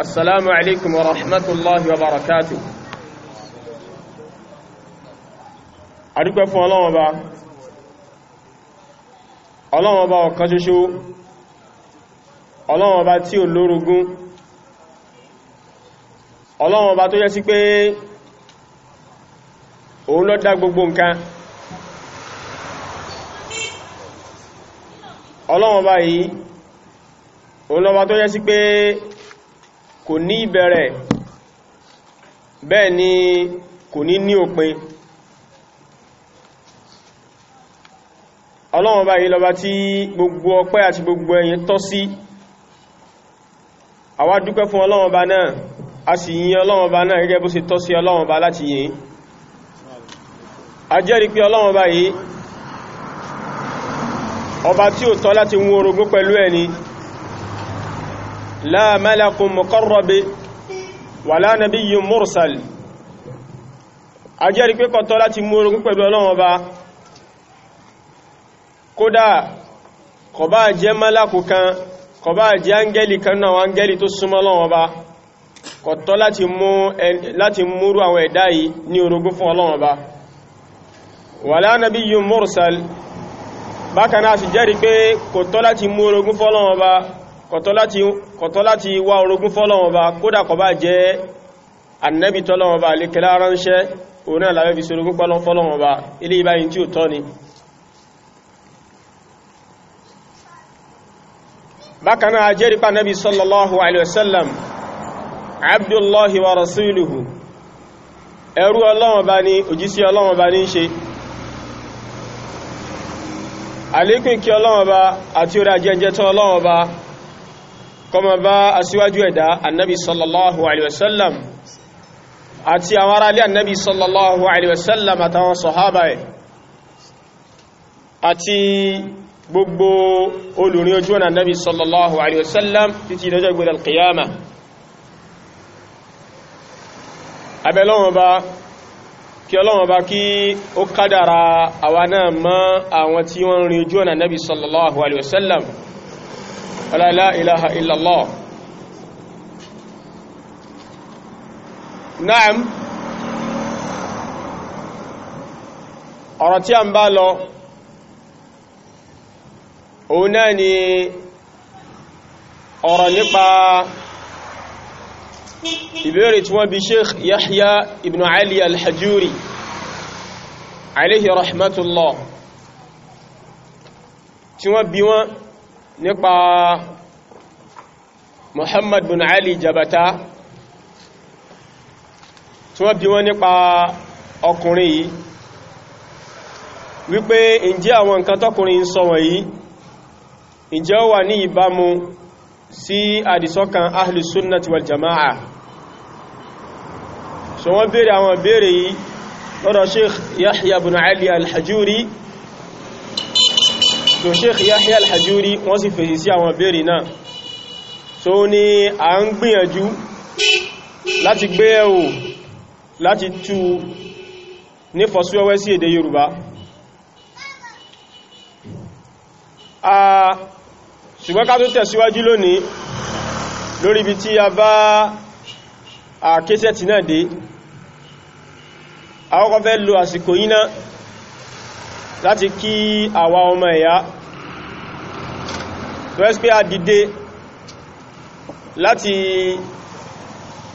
السلام عليكم ورحمة الله وبركاته adúpẹ́ fún ọlọ́wọ́n bá ọlọ́wọ́n bá ọ̀kan ṣoṣo ọlọ́wọ́n bá tí ò lórogún ọlọ́wọ́n bá tó yẹ sí pé òun ló dá gbogbo nǹkan ọlọ́wọ́n bá yìí òun ló bá tó yẹ sí pé kò ní ìbẹ̀rẹ̀ bẹ́ẹ̀ ni kò ní ní òpin ọlọ́run báyìí lọba tí gbogbo ọpẹ́ àti gbogbo ẹ̀yìn tọ́ sí àwa dúpẹ́ fún ọlọ́run bá náà a sì yìn ọlọ́run bá náà gẹ́gẹ́ bó ṣe tọ́ sí ọlọ́run láti yìn a jẹ́rìí pé ọlọ́run báyìí ọba tí ò tọ́ láti wú orogún pẹ̀lú ẹni لا ملك مقرب ولا نبي مرسل ajẹ́rí pé kò tọ́ láti mú orogún pẹ̀lú Ọlọ́run Ọba kódà kò bá jẹ́ mọ́lákù kan kò bá jẹ́ áńgẹ́lì kan náà áńgẹ́lì tó súnmọ́ Ọlọ́run Ọba kò tọ́ láti múrú àwọn ẹ̀dá yìí ní orogún fún Ọlọ́run Ọba wala nabiyyun mursal bákan náà sì jẹ́rí pé kò tọ́ láti mú orogún fún Ọlọ́run Ọba kọ̀tọ́ láti wá orogún fọ́lọ́wọ́n bá kódà kó bá jẹ́ annabi tọ́lọ́wọ́n bá lè kẹlá ránṣẹ́ òun náà láwẹ́ fi sorogún fọ́lọ́wọ́n bá ilé ìbáyìí tí ó tọ́ ni bákan ajẹ́rípa annabi sallallahu alaihi wasallam abdullahi wa rasuluhu ẹrú ọlọ́wọ́n bá ní òjísí ọlọ́wọ́n bá ní ṣe àlékún kí ọlọ́wọ́n àti orí ajẹ́jẹ́ tọ́ kọmọ bá aṣíwájú ẹ̀dá annabi sallallahu alaihi wasallam àti àwọn ará ilé annabi sallallahu alaihi wasallam àtàwọn sọ̀hábà ẹ̀ àti gbogbo olùrin ojú ọ̀nà annabi sallallahu alaihi wasallam títí ìdájọ́ ìgbẹ̀rẹ̀ alqiyama abẹ́lọ́wọ́n bá kí ọlọ́wọ́n bá kí ó kádàrà àwa náà mọ́ àwọn tí wọ́n rin ojú ọ̀nà annabi sallallahu alaihi wasallam ولا لا إله إلا الله نعم ọ̀rọ̀ tí a ń bá lọ òun náà ni ọ̀rọ̀ nípa ìbéèrè tí wọ́n bí Sheikh Yahya ibn Ali al-Hajuri alayhi rahmatullah tí wọ́n bí wọ́n nípa Muhammad bin Ali Jabata tí wọ́n bi wọ́n nípa ọkùnrin yìí wípé ǹjẹ́ àwọn nǹkan tọ́kùnrin ń sọ wọ̀nyí ǹjẹ́ ó wà ní ìbámu sí àdìsọ́kan ahlu sunnati wal jama'a so wọ́n béèrè àwọn béèrè yìí lọ́dọ̀ Sheikh Yahya bin Ali al-Hajuri so sheikh yahya al-hajuri wọ́n sì fèsì sí àwọn ìbéèrè náà so ni a ń gbìyànjú láti gbé ẹ̀wò láti tú ní fọ́síwẹ́wẹ́ sí èdè yorùbá a ṣùgbọ́n ká tó tẹ̀síwájú lónìí lórí ibi tí a bá àkésẹ̀tì náà dé àwọn kan fẹ́ lo àsìkò yìí láti kí àwa ọmọ ẹ̀yà rẹ́sípé àdìde láti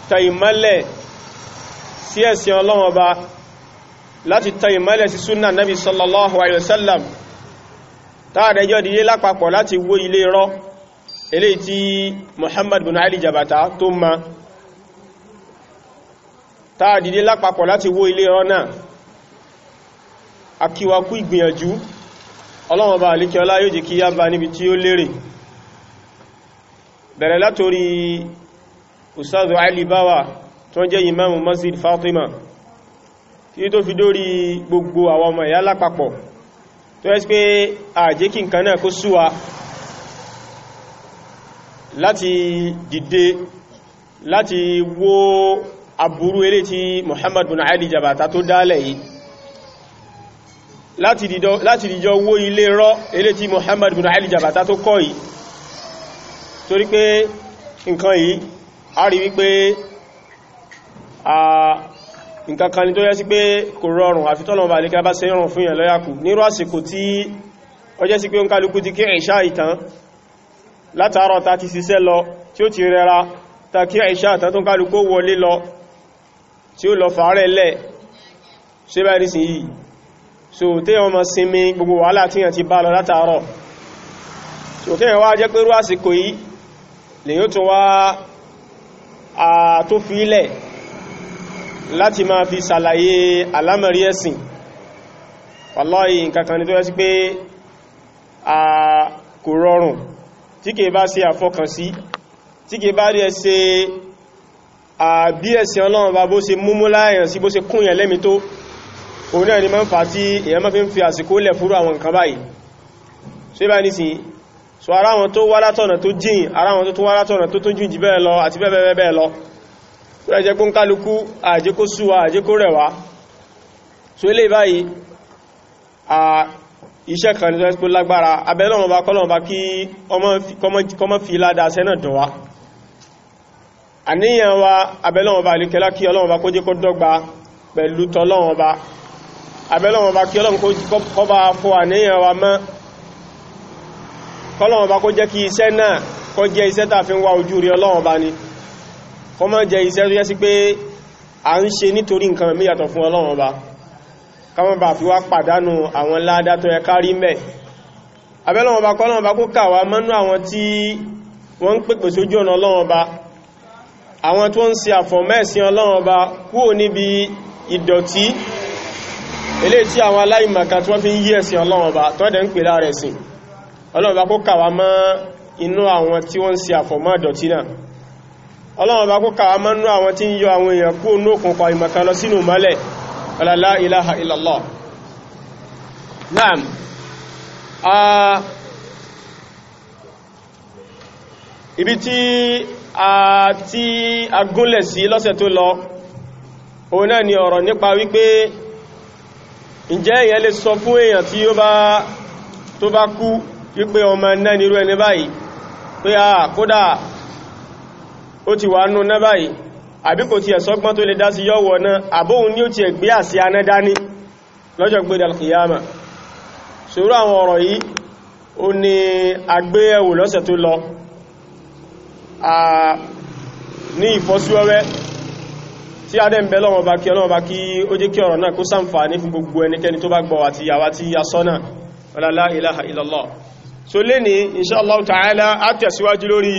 ta ìmọ́lẹ̀ sí ẹ̀sìn Ọlọ́run Ọba láti ta ìmọ́lẹ̀ sí súnà nábi sallallahu alayhi wa sallam táàrẹjọ́ dìde lápapọ̀ láti wó ilé rọ́ eléyìí tí Muhammad bin Ali Jabata tó ma táàdìde lápapọ̀ láti wó ilé rọ́ náà akíwakú ìgbìyànjú ọlọ́wọ̀n bá alékẹ́ ọlá yóò jẹ́ kí yá bá níbi tí ó lérè bẹ̀rẹ̀ látorí ustaz Ali Bawa tó jẹ́ imamu masjid Fatima tí tó fi dórí gbogbo àwọn ọmọ ìyá lápapọ̀ tó yẹ́ pé àjẹ́ kí nǹkan náà bin Ali Jabata tó dálẹ̀ láti dìjọ wó ilé rọ́ ilé tí Muhammad bin Ali Jabata tó kọ́ yìí torí pé nǹkan yìí a rí wípé nǹkan kan ni tó yẹ sí pé kò rọrùn àfi tọ́lọ̀ bá lè ká bá ṣe rọrùn fún yẹn lọ́yàkù nírú àsìkò tí ó jẹ́ sí pé ń ti kí ìṣá ìtàn látàárọ̀ ta ti ṣiṣẹ́ lọ tí ó ti rẹra ta kí ìṣá ìtàn tó kálukú wọlé lọ tí ó lọ fàárẹ̀ lẹ̀ ṣe bá ní so téèyàn máa sinmi gbogbo wàhálà téèyàn ti bá lọ látàárọ̀ so kéèyàn wá jẹ́ pé rú àsìkò yìí lèyàn tún wá àtó fi ilẹ̀ láti máa fi ṣàlàyé àlámẹ̀rí ẹ̀sìn wallahi nǹkankan ni tó yẹ pé a kò rọrùn tí kìí bá ṣe àfọkànsí tí kìí bá rí ẹ ṣe àbí ẹ̀sìn ọlọ́run bá bó ṣe múmú láàyàn sí bó ṣe kúnyàn lẹ́mi tó òun náà ni ma ń fa tí èyàn má fi ń fi àsìkò lẹ̀ fúrú àwọn nǹkan báyìí so ibá ní sí so ara wọn tó wá látọ̀nà tó jìn ara wọn tó tó wá látọ̀nà tó tó jìn jù bẹ́ẹ̀ lọ àti bẹ́ẹ̀ bẹ́ẹ̀ lọ tó rẹ̀ jẹ́ pé ń kálukú àjẹ́kó súwa àjẹ́kó rẹ̀wá àníyàn wa abẹ́lọ́wọ́n bá kí ọlọ́wọ́n kó jẹ́ kó dọ́gba pẹ̀lú tọ́lọ́wọ́n abẹ́lọ́wọ̀n bá kí ọlọ́run kó bá fọ́ àníyàn wa mọ́ kọ́lọ́wọ̀n bá kó jẹ́ kí iṣẹ́ náà kó jẹ́ iṣẹ́ tàà fi ń wá ojú rí ọlọ́run bá ní kọ́ mọ́ jẹ́ iṣẹ́ tó yẹ́ sí pé a ń ṣe nítorí nǹkan mí yàtọ̀ fún ọlọ́run bá àwọn tó ń pèpè àfọ̀mẹ́sìn ọlọ́run bá kúrò níbi ìdọ̀tí eléyìí tí àwọn aláìmọ̀kan tí wọ́n fi ń yí ẹ̀sìn ọlọ́run ọba tó ẹ̀dẹ̀ ń pè láàrẹ̀ sí ọlọ́run ọba kó kàwá mọ́ inú àwọn tí wọ́n ń ṣe àfọ̀mọ́ ìdọ̀tí náà ọlọ́run ọba kó kàwá mọ́ inú la ilaha illallah naam ibi ti agúnlẹ̀ sí lọ́sẹ̀ tó lọ ni ọ̀rọ̀ nípa wípé ǹjẹ́ èyàn lè sọ fún èyàn tí ó bá tó bá kú wípé ọmọ iná nírú ẹni báyìí pé a kódà ó ti wà nú ná báyìí àbí kò tiẹ̀ sọ́gbọ́n tó lè dá sí yọ́wọ́ náà àbóhun ní ó tiẹ̀ gbé àsí aná dání lọ́jọ́ gbé dalkiyama tí a dẹ̀ ń bẹ lọ́wọ́ bá kí ọlọ́wọ́ bá kí ó jẹ́ kí ọ̀rọ̀ náà kó ṣàǹfààní fún gbogbo ẹnikẹ́ni tó bá gbọ́ àti àwa tí a sọ náà la ilaha illallah so lè ní insha Allah ta'ala á tẹ̀síwájú lórí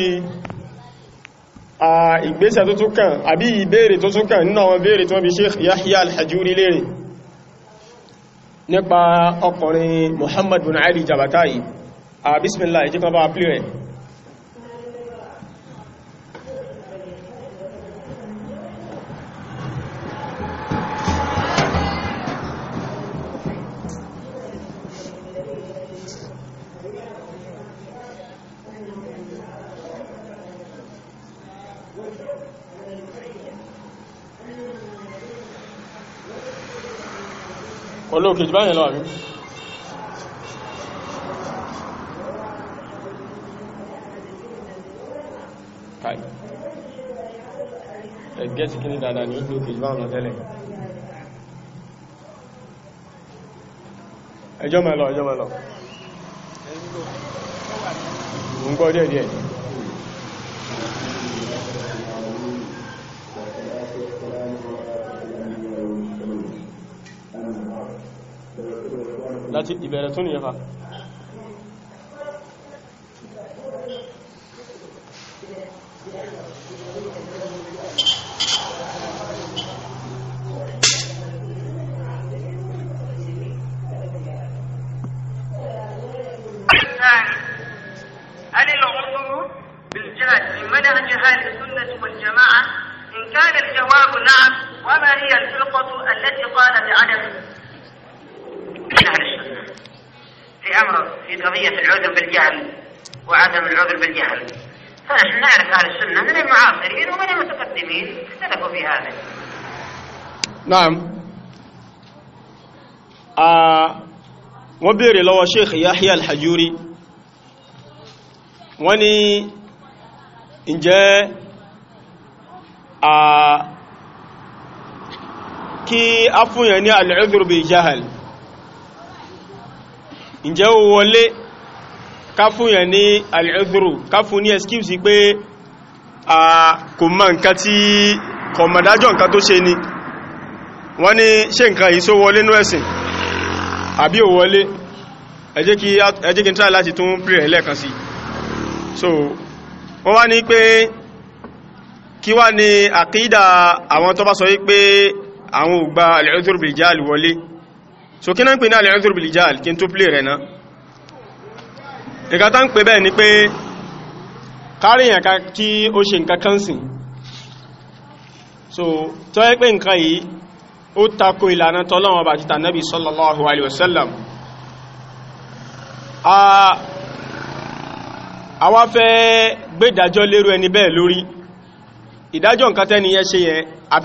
ìgbésẹ̀ tó tún kàn àbí ìbéèrè tó tún kàn nínú olóòkè jù báyìí lọ àrí káì ẹgbẹ́ sí kí ní dáadáa ní olóòkè jù báyìí lọ tẹ́lẹ̀ ẹjọ́ mẹ́lọ ẹjọ́ mẹ́lọ ń gbọ́ díẹ̀díẹ̀ láti ibere tó nìyẹn fa naam a wọ́n bèèrè lọ́wọ́ sheikh yahya al-hajuri wọ́n ní ǹjẹ́ a kí a fúnyẹ̀ ní al-udhr bi jahal ǹjẹ́ ó wọlé ká fúnyẹ̀ ní al-udhr ká fún ní excuse pé a kò mọ̀ nǹkan tí kọ̀mọ̀dájọ́ nǹkan tó ṣe ni wọ́n ní ṣe nǹkan yìí só wọlé ní ẹ̀sìn àbí ò wọlé ẹ jẹ́ kí n try láti tún pírẹ̀ lẹ́ẹ̀kan sí so wọ́n wá ní pé kí wá ní àkídà àwọn tó bá sọ wípé àwọn ò gba wọlé so kí náà ń pè ní al-udhr bil jahl kí n tó pírẹ̀ rẹ̀ náà nǹkan tá ń pè bẹ́ẹ̀ ni pé káríyàn ká kí ó ṣe nǹkan kan sìn so tó yẹ pé nǹkan yìí ó tako ìlànà tọ́lọ́wọ́n bá títà nẹ́bí sallallahu alaihi wasallam àwa fẹ́ gbédájọ́ lérú ẹni bẹ́ẹ̀ lórí ìdájọ́ nǹkan tẹ́ni yẹn ṣe yẹn a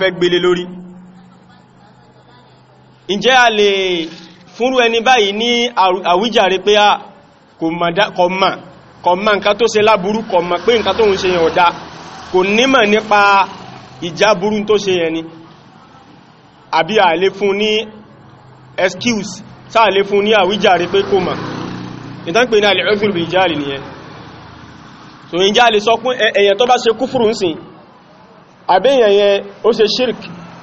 a lè fúnrú ẹni báyìí ní àwíjàre pé a kò mọ̀ kò mọ̀ nǹkan tó se láburú kò mọ̀ pé nǹkan tó ń ṣe yẹn ọ̀dá kò nímọ̀ nípa ìjáburú tó ṣe yẹn ni àbí àlè fún ní excuse sáà lè fún ní àwíjàre pé kò mà ìtànpè ní àlè ọ́fìrì bìí jáàlì nìyẹn so yìí jáàlì sọ pé èyàn tó bá ṣe kúfùrù ń sìn àbẹ́yàn yẹn ó ṣe shirk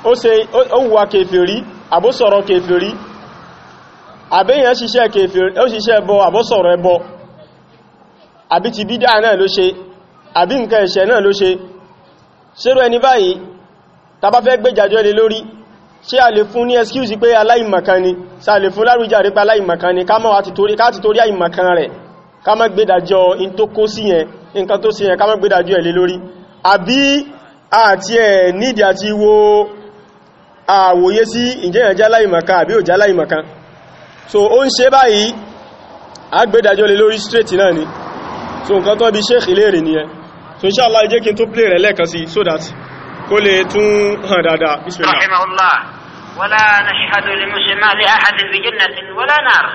ó ṣe òwúwa kèfèrí àbósọ̀rọ̀ kèfèrí àbẹ́yàn ṣiṣẹ́ kèfèrí ó ṣiṣẹ́ ẹbọ àbósọ̀rọ̀ ẹbọ àbí ti bídá náà ló ṣe àbí nǹkan ẹ̀ṣẹ̀ náà ló ṣe ṣerú ẹni báyìí tá bá fẹ́ gbé jàjọ́ lé lórí ṣé a lè fún ní excuse pé aláìmọ̀kan ni ṣé a lè fún lárújáre pé aláìmọ̀kan ni ká má ti torí àìmọ̀kan rẹ̀ ká má gbédàjọ́ in tó kó sí yẹn nǹkan tó sí yẹn ká má gbédàjọ́ ẹ̀ lé lórí àbí àti ẹ̀ nídìí àti wo àwòye sí ìjẹ́yàn jáláìmọ̀kan àbí so ó ń ṣe báyìí agbédàjọ́ so nǹkan tó bí sheikh so inshallah jẹ́ kí n tó so that kó lè tún hàn dáadáa bismillah ولا wala nashhadu li muslima li ahadin bi jannatin wala nar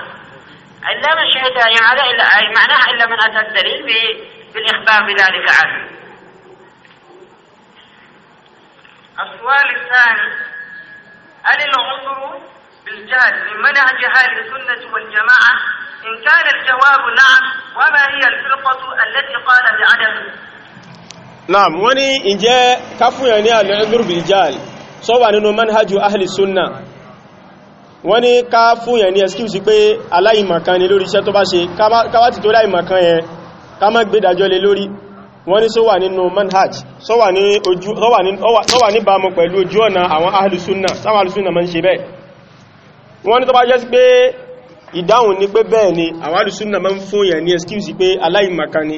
لا يعني إلا معناها إلا من أتى الدليل بالإخبار بذلك عنه السؤال الثاني هل العذر بالجهل من منع جهال السنة والجماعة إن كان الجواب نعم وما هي الفرقة التي قال بعدم naam wọ́n ní ìjẹ́ káfíyàn ní alẹ́gbùrùbì jáàlì sọ́wà nínú manhajú ahli sunna wọ́n ní káfíyàn ní excuse pé aláìmọ̀kan ni lórí iṣẹ́ tó bá ṣe káwàtí tó láìmọ̀kan yẹn ká má gbé dájọ́ lé lórí wọ́n ní sọ́wà nínú manhaj sọ́wà níbàmù pẹ̀lú ojú ọ̀nà àwọn ahli sunna sáwọn ahli sunna ma ń ṣe bẹ́ẹ̀ wọ́n ní tó bá jẹ́ sí ni pé bẹ́ẹ̀ ni àwọn ahli sunna ma ń fún yẹn ní excuse pé aláìmọ̀kan ni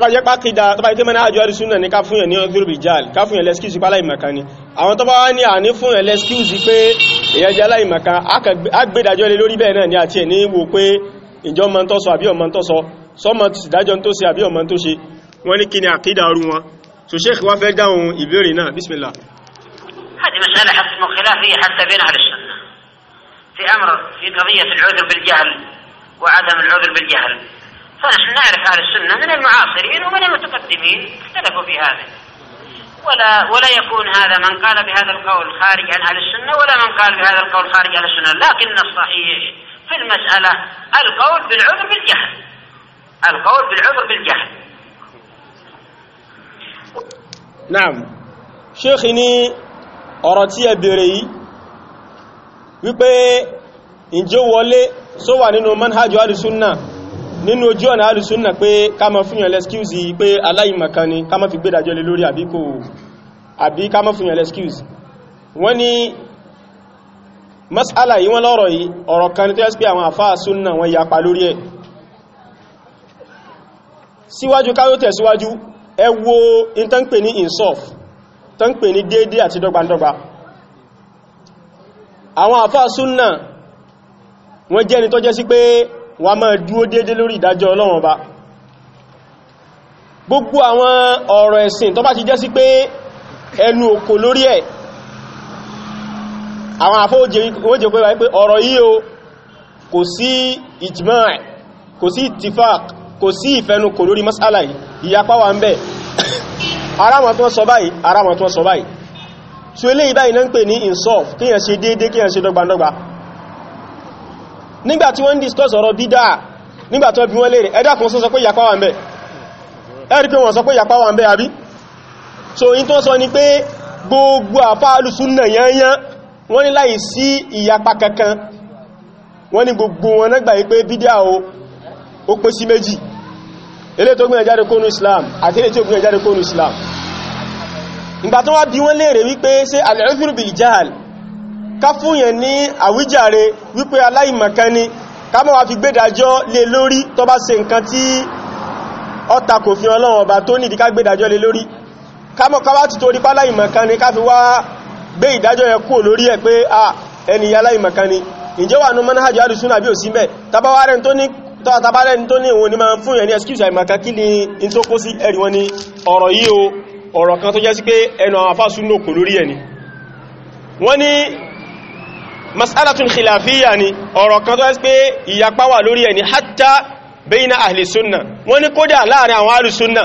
tó jẹ́ pákídá tó bá mẹ́rin àjọ àrísúnà ní ká fún yẹn ní ọdúrú ìjáàlì ká fún yẹn lẹ́skíùsì pá láìmọ̀kan ni àwọn tó wá ní àní fún yẹn lẹ́skíùsì pé èyàn jẹ́ láìmọ̀kan agbẹ́dájọ́ lé lórí bẹ́ẹ̀ náà ni àti ẹ̀ní wo pé ìjọ mọ́ tó sọ àbí ọmọ tó sọ sọmọ ìdájọ́ tó ṣe àbí ọmọ tó ṣe wọ́n ní kí àkídà ọrú wọn so sheikh هذه مسألة حسب خلافية حتى بين أهل في أمر في قضية العذر بالجهل وعدم العذر بالجهل فنحن نعرف أهل السنة من المعاصرين ومن المتقدمين اختلفوا في هذا ولا ولا يكون هذا من قال بهذا القول خارج عن أهل السنة ولا من قال بهذا القول خارج عن السنة لكن الصحيح في المسألة القول بالعذر بالجهل القول بالعذر بالجهل نعم شيخي ni ọ̀rọ̀ tí ẹ ان جو wípé ìjó wọlé só wà nínú السنه nínú ojú ọ̀nà alùsùnà pé ká má fúnyàn lẹ́skíùsì pé aláìmọ̀kan ni ká má fi gbédàjọ́ lé lórí àbí kò àbí ká má fúnyàn lẹ́skíùsì wọ́n ni masala yìí wọ́n lọ́rọ̀ yìí ọ̀rọ̀ kan tó yẹ́sí pé àwọn àfáà súnà wọ́n yapa lórí ẹ̀ síwájú káyó ní insof tán pè ní àwọn àfáà wà máa dúó dédé lórí ìdájọ́ ọlọ́run ọba gbogbo àwọn ọ̀rọ̀ ẹ̀sìn tó bá ti jẹ́ sí pé ẹnu òkò lórí ẹ̀ àwọn àfọ́wọ́jẹ́ pé wáyé pé ọ̀rọ̀ yìí o kò sí ìjìmọ́ ẹ̀ kò sí ìtìfàk kò sí ìfẹnukò lórí masala yìí ìyapa wà ń bẹ aráwọn tó sọ báyìí aráwọn tó sọ báyìí tí ó lè ìbáyìí náà ń pè ní insof kíyàn nígbà tí wọ́n discuss ọ̀rọ̀ bídá nígbà tí wọ́n bi wọ́n léèrè ẹ dákun sọ pé yapa wà ń bẹ ẹ pé wọ́n sọ pé yapa wà ń bẹ àbí so in tó sọ ni pé gbogbo àfáàlù súnnà yányán wọ́n ní láì sí ìyapa kankan wọ́n ní gbogbo wọn nágbà pé bídá o ó pé sí méjì ilé tó gbìyànjú Islam àti ilé tí Islam ìgbà tó wá bi wọ́n léèrè ká fúnyẹ̀ ní àwíjàre wípé aláìmọ̀kan ni ká má wá fi gbédàjọ́ lé lórí tó bá ṣe nǹkan tí ó Ọlọ́run ọba tó nìdí ká gbédàjọ́ lé lórí ká má ká wá ti torí pé aláìmọ̀kan ni ká fi wá gbé ìdájọ́ yẹ kú lórí ẹ̀ pé à ẹni aláìmọ̀kan ni ìjẹ́ wà ní manhajj ni ni ni masalatun khilafiyya ni ọ̀rọ̀ kan tó ẹ́ pé ìyapa wà lórí ẹni hatta bayna ahli sunna wọ́n ní kódà láàrin àwọn alùsúnnà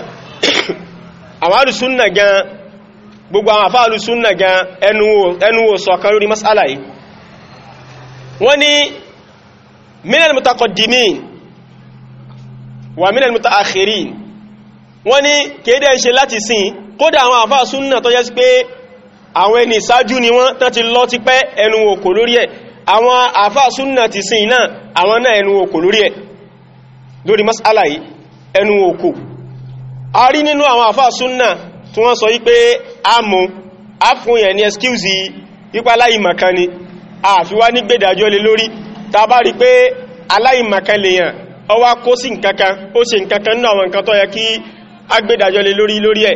àwọn alùsúnnà gan gbogbo àwọn àfá alùsúnnà gan ẹnuwò ṣọ̀kan lórí masala yìí wọ́n ní minal mutaqaddimin wa minal mutaakhirin wọ́n ní kéde ń àwọn ẹni ìsájú ni wọ́n tán ti lọ ti pẹ́ ẹnu òkò lórí ẹ̀ àwọn àfáà súnnà ti sin náà àwọn náà ẹnu òkò lórí ẹ̀ lórí masala yìí ẹnu òkò a rí nínú àwọn àfáà tí wọ́n sọ wípé a mú a fún yẹn ní ẹskíùsì ipa aláìmọ̀kan ni àfiwá ní gbèdàjọ́ lé lórí tá a bá rí pé aláìmọ̀kan lèèyàn ọwá kó sí nkankan ó ṣe nkankan náà àwọn nkan tó yẹ kí agbèdàjọ́ lé lórí lórí ẹ̀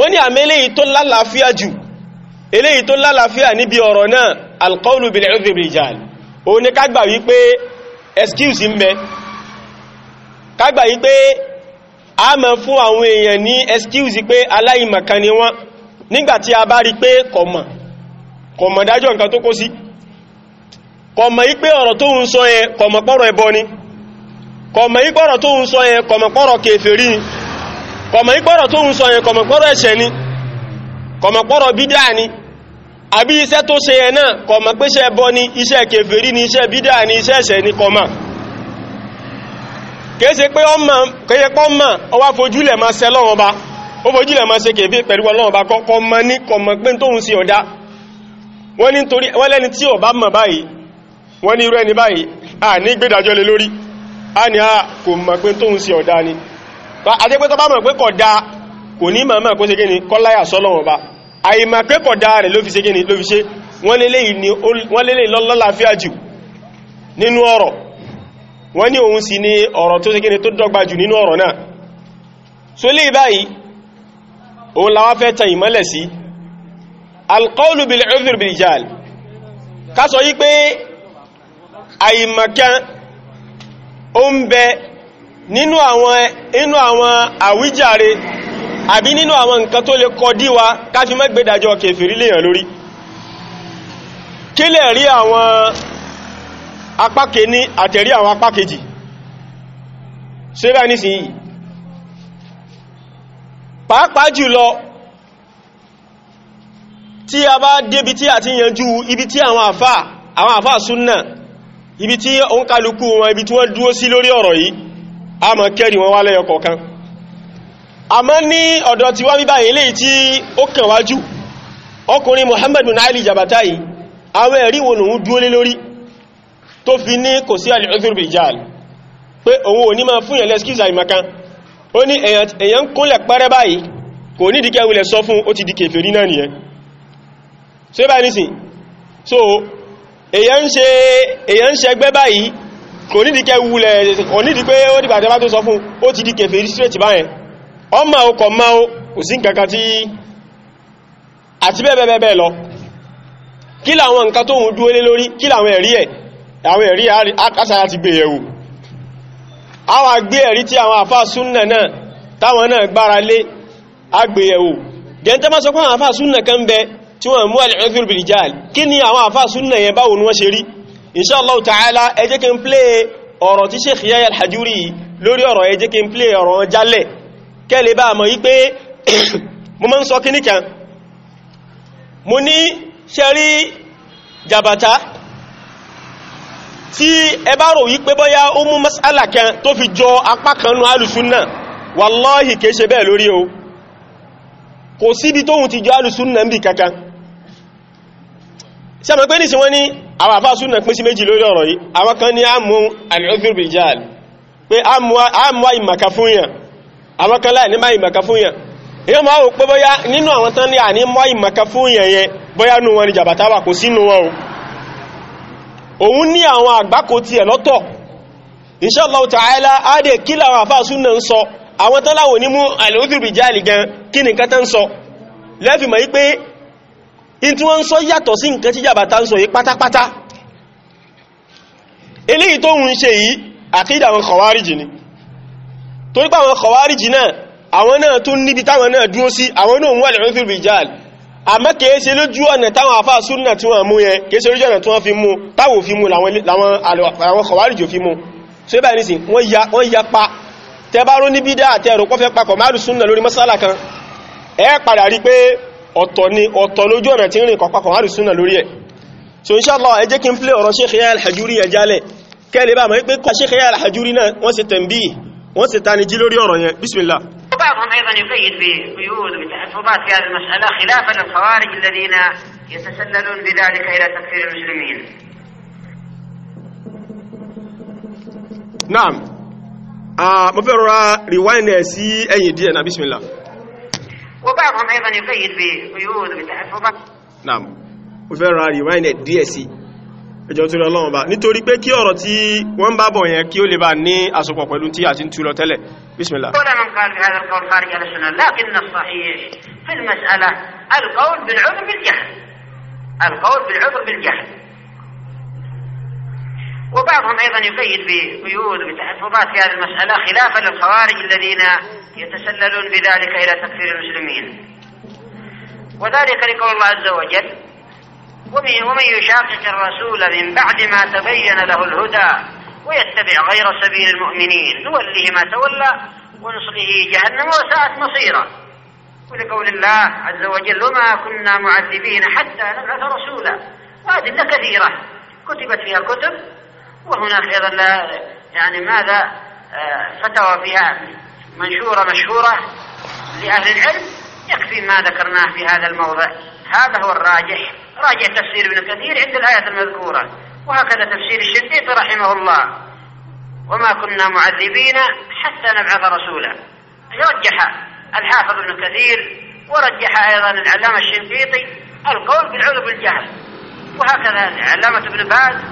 wọ́n ní àmì eléyìí tó lálàáfíà jù eléyìí tó lálàáfíà níbi ọ̀rọ̀ náà alqawlu bil udhri bil jahal òun ni kágbà wípé excuse ń bẹ kágbà wípé a mọ̀ fún àwọn èèyàn ní excuse pé aláìmọ̀kan ni wọ́n nígbàtí a bá rí pé kọ̀mọ̀ kọ̀mọ̀ dájọ́ nǹkan tó kó sí kọ̀mọ̀ ipé ọ̀rọ̀ tó ń sọ yẹn kọ̀mọ̀ pọ̀rọ̀ ẹbọ ni kọ̀mọ̀ ipé ọ̀rọ̀ tó ń sọ yẹn kọ̀mọ̀ pọ̀rọ̀ kèfèrí ni kọ̀mọ̀ ìpọ̀rọ̀ tó ń sọ yẹn kọ̀mọ̀ pọ̀rọ̀ ẹ̀ṣẹ̀ ni kọ̀mọ̀ pọ̀rọ̀ bídà ni àbí iṣẹ́ tó ṣe yẹn náà kọ̀mọ̀ péṣẹ́ bọ́ ni iṣẹ́ kèfèrí ni iṣẹ́ bídà ni iṣẹ́ ẹ̀ṣẹ̀ ni kọ̀mọ̀ kéèṣe pé ọmọ ọwá fojúlẹ̀ máa ṣẹ lọ́wọ́n ba ó fojúlẹ̀ máa ṣe kèfé pẹ̀lú àjẹ́pẹ́ tó bá mọ̀ pé kọ̀dá kò ní màmá kó ṣe kí ni kọ́láyà sọ́lọ́wọ́ bá àìmà pé kọ̀dá rẹ̀ ló fi ṣe kí ni ló fi ṣe wọ́n lélẹ̀ lọ́lọ́láfíà jù nínú ọ̀rọ̀ wọ́n ní òun sì ni ọ̀rọ̀ tó ṣe kí ni tó dọ́gba jù nínú ọ̀rọ̀ náà so lè báyìí òun làwá fẹ́ nínú àwọn inú àwọn àwíjàre àbí nínú àwọn nǹkan tó lè kọ díwa káfí mẹ́gbẹ̀dájọ́ kèfèrí lèyàn lórí kí lè rí àwọn apáke ní àtẹ̀rí àwọn apákejì ṣe bá ní sìnyí pàápàá jùlọ tí a bá débi tí a ti yanjú ibi tí àwọn àfà àwọn àfà súnnà ibi tí òǹkàlùkù wọn ibi tí wọ́n dúró sí lórí ọ̀rọ̀ yìí a mọ̀ kẹ́rì wọn wá lẹ́yọ kọ̀ọ̀kan àmọ́ ní ọ̀dọ̀ tí wá bí báyìí lè tí ó kàn wájú ọkùnrin Muhammadu naili jabata yìí àwọn ẹ̀rí wọn òun dúó lé lórí tó fi ní kò sí alìrìtúrùbì ìjáàlì pé òun ò so báyìí nísìn so èyàn kò nídi kẹ wulẹ̀ kò nídi pé ó dìgbà tẹ́bá tó sọ fún ó ti di kèfèrí straight báyẹn ọmọ ọkọ̀ máa ó kò sí nǹkankan tí àti bẹ́ẹ̀bẹ́ẹ̀bẹ́ẹ̀ lọ kí làwọn nǹkan tó ń dúó lé lórí kí làwọn ẹ̀rí ẹ̀ àwọn ẹ̀rí akásàyà ti gbé yẹ̀wò àwọn agbé ẹ̀rí tí àwọn àfáà súnnà náà táwọn inshallah ta'ala ẹ jẹ́ kí n play ọ̀rọ̀ tí Sheikh Yahya al-Hajuri lórí ọ̀rọ̀ ẹ jẹ́ kí n play ọ̀rọ̀ jálẹ̀ kẹ́lẹ̀ bá mọ̀ wípé mo mọ́ ń sọ kíní kan mo ní ṣẹ́rí jàbàtá tí ẹ bá rò wípé bọ́yá ó mú mas'ala kan tó fi jọ apá kan alùsúnnà wallahi kìí bẹ́ẹ̀ lórí o kò síbi tóhun ti jọ alùsúnnà ń bì kankan ṣe mọ̀ pé nìsí wọ́n ní àwọn àfáà súnà pín sí méjì lórí ọ̀rọ̀ yìí àwọn kan ní àmú al-udhr bil-jahl pé àmúwá ìmàkà fún yàn àwọn kan láì nímá ìmàkà fún yàn èyí ma wò pé bóyá nínú àwọn tán ní ànímọ́ ìmàkà fún yàn yẹn bóyá nù wọn ni jàbàtà wà kò sínú wọn o òun ní àwọn àgbákò tiẹ̀ lọ́tọ̀ insha Allah ta'ala adé kí làwọn àfáà súnà ń sọ àwọn tán in tí wọ́n ń sọ yàtọ̀ sí nǹkan tí jàbàtà ń sọ yìí pátápátá eléyìí tó ń ṣe yìí àkídà àwọn kọwárìjì ni torí pé àwọn kọwárìjì náà àwọn náà tún níbi táwọn náà dúró sí àwọn náà wà lẹ́rìn fìlú ìjáàlì àmọ́ kèése lójú ọ̀nà táwọn àfáà súnà tí wọ́n mú yẹn kèése lójú ọ̀nà tí pa tẹ bá rú ní bídá àtẹrù pọ́fẹ́ papọ̀ márùn kan ẹ padà rí ọ̀tọ̀ ni ọ̀tọ̀ lójú ọ̀nà tí ń rìn kọ̀pàkọ̀ àrùsúnà lórí ẹ̀ so inshallah ẹ jẹ́ kí n plé ọ̀rọ̀ Sheikh Yahya yẹn jálẹ̀ kẹ́lẹ̀ bá mọ̀ pé kọ́ Sheikh Yahya al-Hajuri náà wọ́n ṣe tẹ̀m̀bí wọ́n ṣe tanijí lórí ọ̀rọ̀ yẹn bismillah وبعضهم أيضا يقيد بقيود بتعصبات هذه المسألة خلافا للخوارج الذين يتسللون بذلك إلى تكفير المسلمين نعم ah, mo fẹ́ rọra rewind ẹ̀ sí ẹ̀yìn díẹ̀ náà bismillah وبعضهم أيضا يقيد بقيود بتحفظات نعم وفي وين دي اس ẹjọ́ tó lọ lọ́wọ́ bá nítorí pé kí ọ̀rọ̀ tí wọ́n bá bọ̀ yẹn kí ó lè bá ní àsopọ̀ pẹ̀lú tí a tú lọ tẹ́lẹ̀ من قال بهذا القول خارج السنة لكن الصحيح في المسألة القول بالعذر بالجهل القول بالعذر بالجهل وبعضهم أيضا يقيد بقيود بتحفظات في هذه المسألة خلافا للخوارج الذين يتسللون بذلك إلى تكفير المسلمين وذلك لقول الله عز وجل ومن يشاقق الرسول من بعد ما تبين له الهدى ويتبع غير سبيل المؤمنين نوله ما تولى ونصله جهنم وساءت مصيرا ولقول الله عز وجل وما كنا معذبين حتى نبعث رسولا وأدلة كثيرة كتبت فيها الكتب وهناك أيضا يعني ماذا آه، فتوى فيها منشورة مشهورة لأهل العلم يكفي ما ذكرناه في هذا الموضع هذا هو الراجح راجع تفسير ابن كثير عند الآية المذكورة وهكذا تفسير الشديد رحمه الله وما كنا معذبين حتى نبعث رسولا رجح الحافظ ابن كثير ورجح أيضا العلامة الشنقيطي القول بالعلو بالجهل وهكذا العلامة ابن باز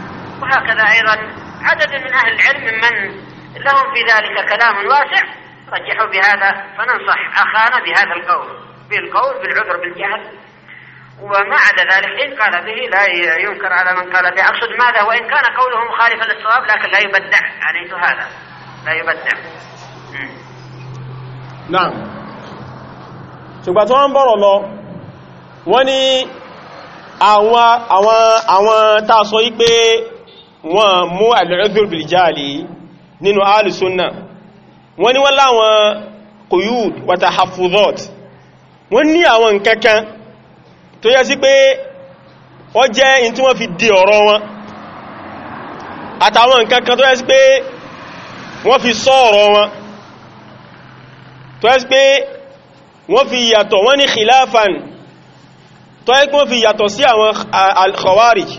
وهكذا أيضا عدد من أهل العلم من لهم في ذلك كلام واسع رجحوا بهذا فننصح أخانا بهذا القول بالقول بالعذر بالجهل وما عدا ذلك إن قال به لا ينكر على من قال به أقصد ماذا وإن كان قوله مخالفا للصواب لكن لا يبدع عليه هذا لا يبدع نعم ṣùgbọ́n tí wọ́n ń bọ̀rọ̀ lọ wọ́n ní àwọn àwọn àwọn tá a sọ yí pé wọ́n mú al-udhr nínú Ahlus wọ́n ní wọ́n láwọn kòyúd wata hafudot wọ́n ní àwọn nkankan tó yẹ sí pé wọ́n jẹ́ in tí wọ́n fi di ọ̀rọ̀ wọn àtàwọn nkankan tó yẹ sí pé wọ́n fi sọ ọ̀rọ̀ wọn tó yẹ sí pé wọ́n fi yàtọ̀ wọ́n ní khilafan tó yẹ pé wọ́n fi yàtọ̀ sí àwọn al khawarij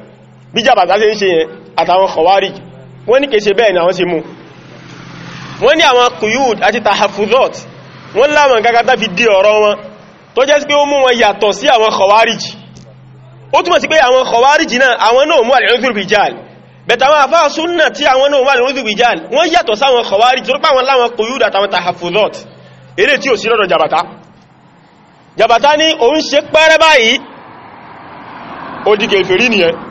bí jàbàtà ṣe ń ṣe yẹn àtàwọn khawarij wọ́n ní kèsè bẹ́ẹ̀ ni àwọn ṣe mú wọ́n ní àwọn kuyud àti tahafuzot wọ́n láwọn gagata fi di ọ̀rọ̀ wọn tó jẹ́ sí pé ó mú wọn yàtọ̀ sí àwọn khawarij ó túnmọ̀ sí pé àwọn khawarij náà àwọn náà mú al-udhur rijal bẹ̀tà àwọn náà mú al-udhur rijal kuyud àtàwọn tahafuzot eré tí ò sí lọ́dọ̀ jàbàtà jàbàtà ní òun ṣe pẹ́rẹ́ nìyẹn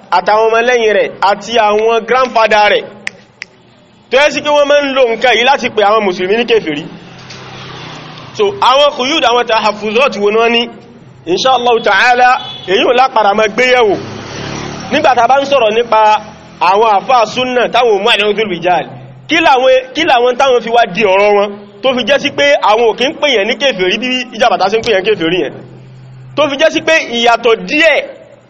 àtàwọn ọmọlẹ́yìn rẹ̀ àti àwọn grandfather rẹ̀ tó yẹ́ sí pé wọ́n máa ń lo nǹkan yìí láti pè àwọn mùsùlùmí ní kèfèrí so àwọn kùyúdù àwọn tàhàfùzọ́tù wọn ta'ala èyí ò lápàrà mọ́ gbéyẹ̀wò nígbàtà bá ń sọ̀rọ̀ nípa àwọn àfáà súnnà táwọn òmú àdínúdú rìjáàl kí làwọn táwọn fi wá di ọ̀rọ̀ wọn tó fi jẹ́ sí pé àwọn òkè ń pèyàn ní kèfèrí bí ìjàbàtà sí ń pèyàn kèfèrí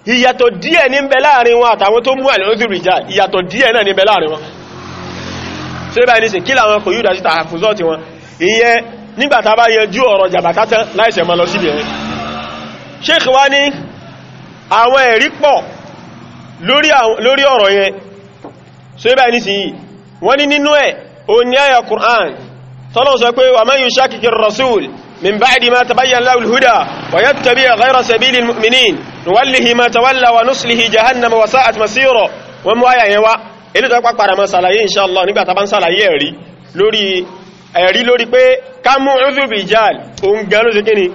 ìyàtọ̀ díẹ̀ ní bẹ láàrin wọn àtàwọn tó mú àlẹ́lọ́dún ìjà ìyàtọ̀ díẹ̀ náà ní bẹ láàrin wọn ṣe báyìí nìsìn kí làwọn kò yíò dájú tàà fúzọ́ ti wọn ìyẹn nígbàtà bá yanjú ọ̀rọ̀ jàbàtà láìsẹ̀ mọ́ lọ síbi Sheikh wá ní àwọn ẹ̀rí pọ̀ lórí ọ̀rọ̀ yẹn ṣe báyìí nìsìn wọ́n ní Qur'an tọ́lọ́ sọ pé wa rasul من بعد ما تبين له الهدى ويتبع غير سبيل المؤمنين نوله ما تولى ونصله جهنم وساءت مسيره ومو آية يوا إلي تقوى قرى ما سلايي إن شاء الله نبقى طبعا سلايي أري لوري أري لوري بي كم عذو بجال ونقالوا زكيني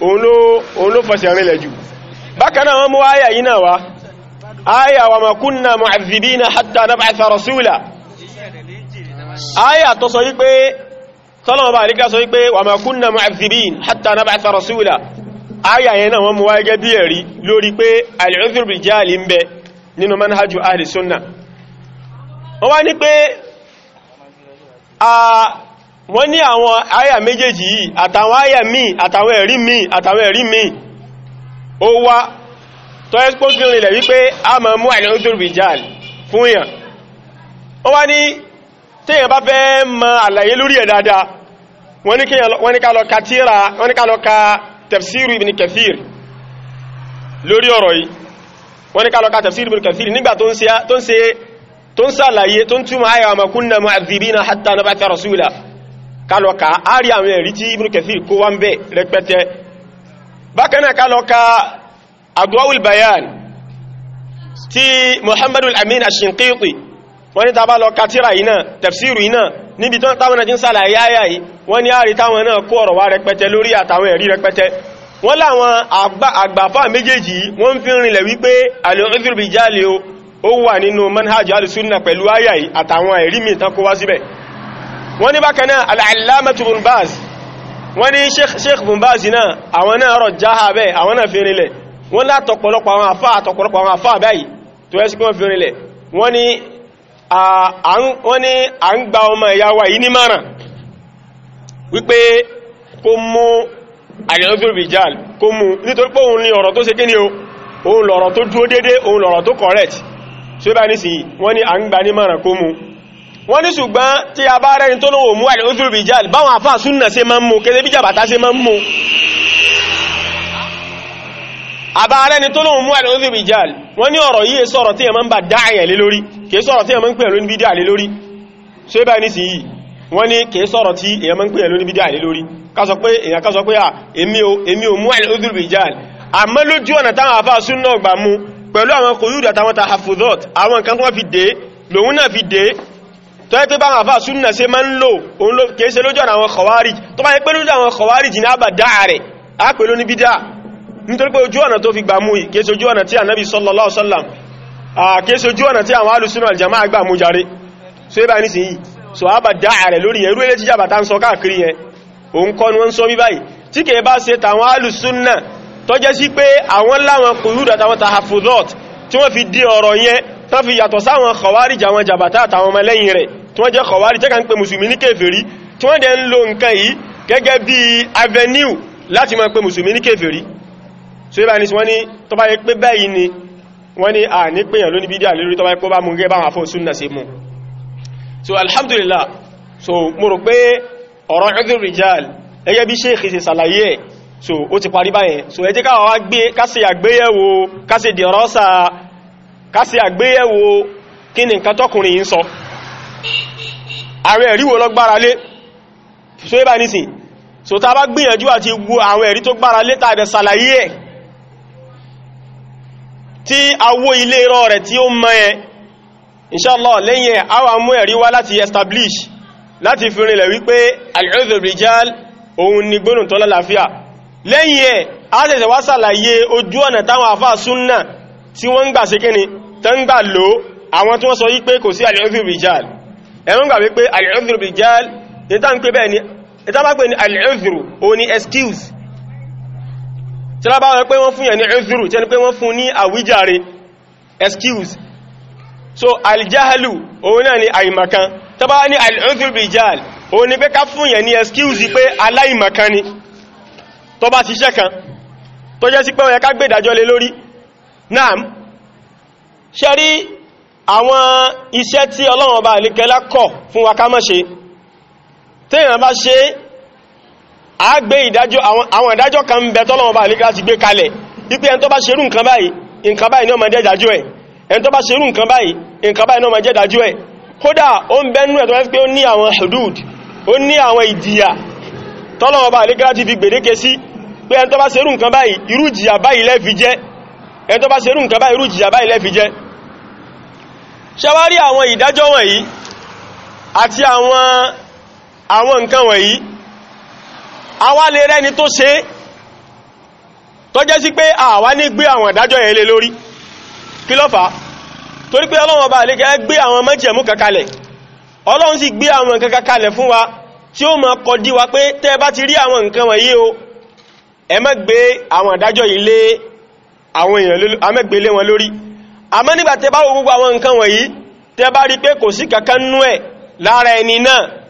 ونو ونو فسيري لجو بكنا ومو آية ينوا آية وما كنا معذبين حتى نبعث رسولا آية تصيب tọ́lọ́wọ́ bá rí kásọ wípé wà máa kúnnà mu'adhdhibin hatta nab'atha rasula ayà yẹn náà wọ́n mú wáyé gẹ́bí ẹ̀rí lórí pé al-udhr bil jahli ń bẹ nínú manhajú ahli sunna wọ́n wá ní pé wọ́n bá fẹ́ mọ àlàyé lórí ẹ̀ dáadáa wọ́n ní ká lọ ka tíra wọ́n ní ká lọ ka tafsiru ibn kathir lórí ọ̀rọ̀ yìí wọ́n ní ká lọ ka tafsiru ibn kathir nígbà tó ń ṣe tó ń sàlàyé tó ń túnmọ̀ ayà ma kunna mu'adhibina hatta nab'atha rasula ká lọ ka árí àwọn ẹ̀rí tí ibn kathir kó wá ń bẹ̀ rẹpẹtẹ bákan náà ká lọ ka adwa'ul bayan tí muhammadu amin ash-shinqiti wọ́n ní ta bá lọ ka tíra yìí tafsiru yìí náà níbi tó táwọn ẹjí ń sàlàyé ayá yìí wọ́n ní àrí táwọn náà kó ọ̀rọ̀ wá rẹpẹtẹ lórí àtàwọn ẹ̀rí rẹpẹtẹ wọ́n láwọn àgbàfà méjèèjì wọ́n fi rinlẹ̀ wípé al-udhr bil jahl ó wà nínú manhaj al-sunnah pẹ̀lú ayá yìí àtàwọn ẹ̀rí mi tán kó wá síbẹ̀ wọ́n ní bákan náà al-allamatu Ibn Baz wọ́n ní sheikh Ibn wọ́n ní à ń gba ọmọ ìyá wa yìí nímọ̀ràn wípé kó mú àgẹ́lọ́dúnrùbìjáàl kó mú nítorí pé òun ní ọ̀rọ̀ tó ṣe kí ni o òun lọ̀rọ̀ tó dúró dédé òun lọ̀rọ̀ tó correct ṣe bá ní sí wọ́n ní à ń gba nímọ̀ràn kó mú wọ́n ní ṣùgbọ́n tí a bá rẹni tó lówó mú wọ́n ní ọ̀rọ̀ yìí sọ̀rọ̀ tí ẹmọ́ ń bà dáàyàn lé lórí kìí sọ̀rọ̀ tí ẹmọ́ ń pè lóní bídíà lé lórí so ibá ní sí yìí wọ́n ní kìí sọ̀rọ̀ tí ẹmọ́ ń pè lóní bídíà lé lórí kásọ pé èyàn kásọ pé à èmi ò mú àìlódùrù ìjáàl àmọ́ lójú ọ̀nà táwọn afá súnà ọgbà mú pẹ̀lú àwọn kòyúdù àtàwọn tahafudot àwọn nǹkan tó fi dé lòun náà fi dé tó yẹ pé báwọn afá súnà ṣe máa ń lò òun ló kìí ṣe lójú ọ̀nà àwọn kọwárìjì tó bá yẹ pé lójú àwọn kọwárìjì ní àbàdá rẹ̀ á pè lóní bídíà nítorí pé ojú ọ̀nà tó fi gbà mú yìí kìí ṣojú ọ̀nà tí ànábì sallallahu alaihi wasallam kìí ṣojú ọ̀nà tí àwọn alùsùnà aljama gbà mú jàre so ibà ní sí yìí so a bá dá ààrẹ lórí yẹn rúrẹ́lẹ́ tí jàbàtà ń sọ káàkiri yẹn òun kọ́ ni wọ́n sọ bí báyìí tí kìí bá ṣe tàwọn alùsùnà tó jẹ́ sí pé àwọn láwọn kùrúdù àtàwọn tahafudot tí wọ́n fi di ọ̀rọ̀ yẹn tó fi yàtọ̀ sáwọn kọ̀wárì jàwọn jàbàtà àtàwọn ọmọ lẹ́yìn rẹ̀ tí wọ́n jẹ́ kọ̀wárì tẹ́ka ń pè mùsùlùmí ní kèfèrí tí wọ́n dẹ̀ ń lo nǹkan yìí gẹ́gẹ́ bí avenue láti máa pè mùsùlùmí ní kèfèrí so ibà ní wọ́n ní tó bá yẹ pé báyìí ni wọ́n ní à ní pèyàn ló bídíà lórí tó bá yẹ pé bá mú gẹ́ báwọn afọ́ súnnà sí mú so alhamdulillah so mo rò pé ọ̀rọ̀ udhur rijal ẹgẹ́ bí ṣe ṣàlàyé ẹ̀ so ó ti parí báyẹn so ẹ jẹ́ káwọn wá gbé kásì àgbéyẹ̀wò kásì dìrọ́sà kásì àgbéyẹ̀wò kí ni nǹkan tọkùnrin yìí ń sọ so ibà nísìn so ta bá gbìyànjú àti gbogbo àwọn ẹ̀rí tó gbára lé tàbí ṣàlàyé ẹ̀ tí awó ilé irọ́ rẹ̀ tí ó mọ́ ẹ inshallah lẹ́yìn àwa mú ẹ̀rí wá láti establish láti fi rinlẹ̀ wípé al-udhr rijal òun ni gbónù tó lálàáfíà lẹ́yìn ẹ̀ a ṣẹ̀ṣẹ̀ wá sàlàyé ojú ọ̀nà táwọn àfà súnnà tí wọ́n ń gbà sí kíni tó ń gbà lò àwọn tí wọ́n sọ wípé kò sí al ni excuse tí lábá wọn pé wọ́n fún yẹn ní ẹzùrù tí ẹni pé wọ́n fún ní àwíjàre excuse so aljahalu òun náà ni àìmọ̀kan tó bá ní al'uzuru bil jahl òun ni pé ká fún yẹn ní excuse pé aláìmọ̀kan ni tó bá ṣiṣẹ́ kan tó jẹ́ sí pé ó yẹ ká gbé ìdájọ́ lé lórí naam ṣe rí àwọn iṣẹ́ tí Ọlọ́run bá àlékẹ́lá kọ̀ fún wa ká má ṣe téèyàn bá ṣe a gbé ìdájọ́ àwọn ìdájọ́ kan ń bẹ tọ́lọ́wọ́n bá àlékà ti gbé kalẹ̀ wípé ẹn tó bá ṣerú nǹkan báyìí nǹkan báyìí náà máa jẹ́ ìdájọ́ ẹ̀ ẹn tó bá ṣerú nǹkan báyìí nǹkan báyìí náà máa jẹ́ ìdájọ́ ẹ̀ kódà ó ń bẹ́nu ẹ̀ tó wáyé pé ó ní àwọn hudud ó ní àwọn ìdíyà tọ́lọ́wọ́n bá àlékà ti fi gbèdéke sí pé ẹn tó bá ṣerú nǹkan báyìí irú jìyà báyìí lẹ́ fi ẹn tó bá ṣerú nǹkan báyìí irú jìyà báyìí lẹ́ fi jẹ àwọn ìdájọ́ wọ̀nyí àti àwọn àwọn nǹkan wọ̀nyí àwa lè rẹ́ni tó ṣe tó jẹ́ sí pé àwa ní gbé àwọn ìdájọ́ yẹn lé lórí kí ló fà á torí pé ọlọ́run ọba àlekẹ́ gbé àwọn májẹ̀mú kankalẹ̀ ọlọ́run sì gbé àwọn nǹkan kankalẹ̀ fún wa tí ó máa kọdí wa pé tẹ́ bá ti rí àwọn nǹkan wọ̀nyí o ẹ má àwọn ìdájọ́ yìí àwọn èèyàn a má gbé lé wọn lórí àmọ́ nígbà tẹ́ bá wo gbogbo àwọn nǹkan wọ̀nyí tẹ́ bá rí pé kò sí kankan nú ẹ̀ lára ẹni náà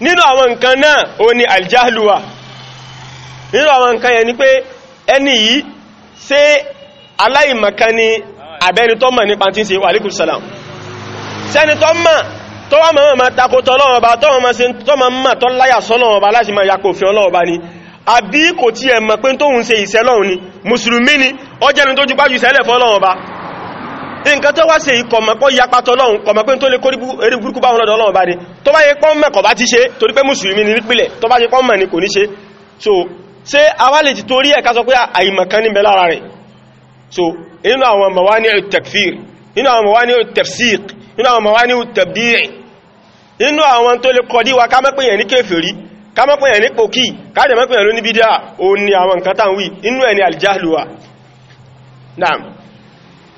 nínú àwọn nǹkan náà ó ní aljahluwa nínú àwọn nǹkan yẹn ni pé ẹni yìí ṣe aláìmọ̀kan ni àbẹ́ni tó mọ̀ nípa tí ń ṣe wàlíkùn sàlám sẹ́ni tó mọ̀ tó wá mọ̀ mọ̀ takótọ́ lọ́wọ́ bá tó mọ̀ sí tó mọ̀ mọ̀ tó láyà sọ́lọ́wọ́ bá láti mọ̀ yàkó òfin ọlọ́wọ́ bá ni àbí kò tiẹ̀ mọ̀ pé tóun ṣe ìṣẹ́ lọ́hùn ni mùsùlùmí nǹkan tó wá ṣe ìkọ̀mọ̀pọ̀ yapatọ̀ lọ́hun kọ̀mọ̀pẹ́ tó lè kórí eré burúkú bá wọn lọ́dọ̀ Ọlọ́run bá ní tó bá yẹ pọ́n mẹ́kọ̀ bá ti ṣe torí pé mùsùlùmí ní nípìlẹ̀ tó bá yẹ pọ́n mẹ́ kò ní ṣe so ṣé awá lè ti torí ẹ̀ká sọ pé àìmọ̀kan ní bẹ rẹ̀ so inú àwọn mawani takfir inú àwọn mawani tafsiq inú àwọn mawani tabdi' inú àwọn tó lè kọ̀dí wa ká mọ̀ pé yẹn ní kèfèrí ká mọ̀ pé yẹn ní pòkì ká dẹ̀ mọ̀ pé yẹn ló ní bídíà òun ni àwọn nǹkan táwọn wí inú ẹ̀ ni aljahluwa naam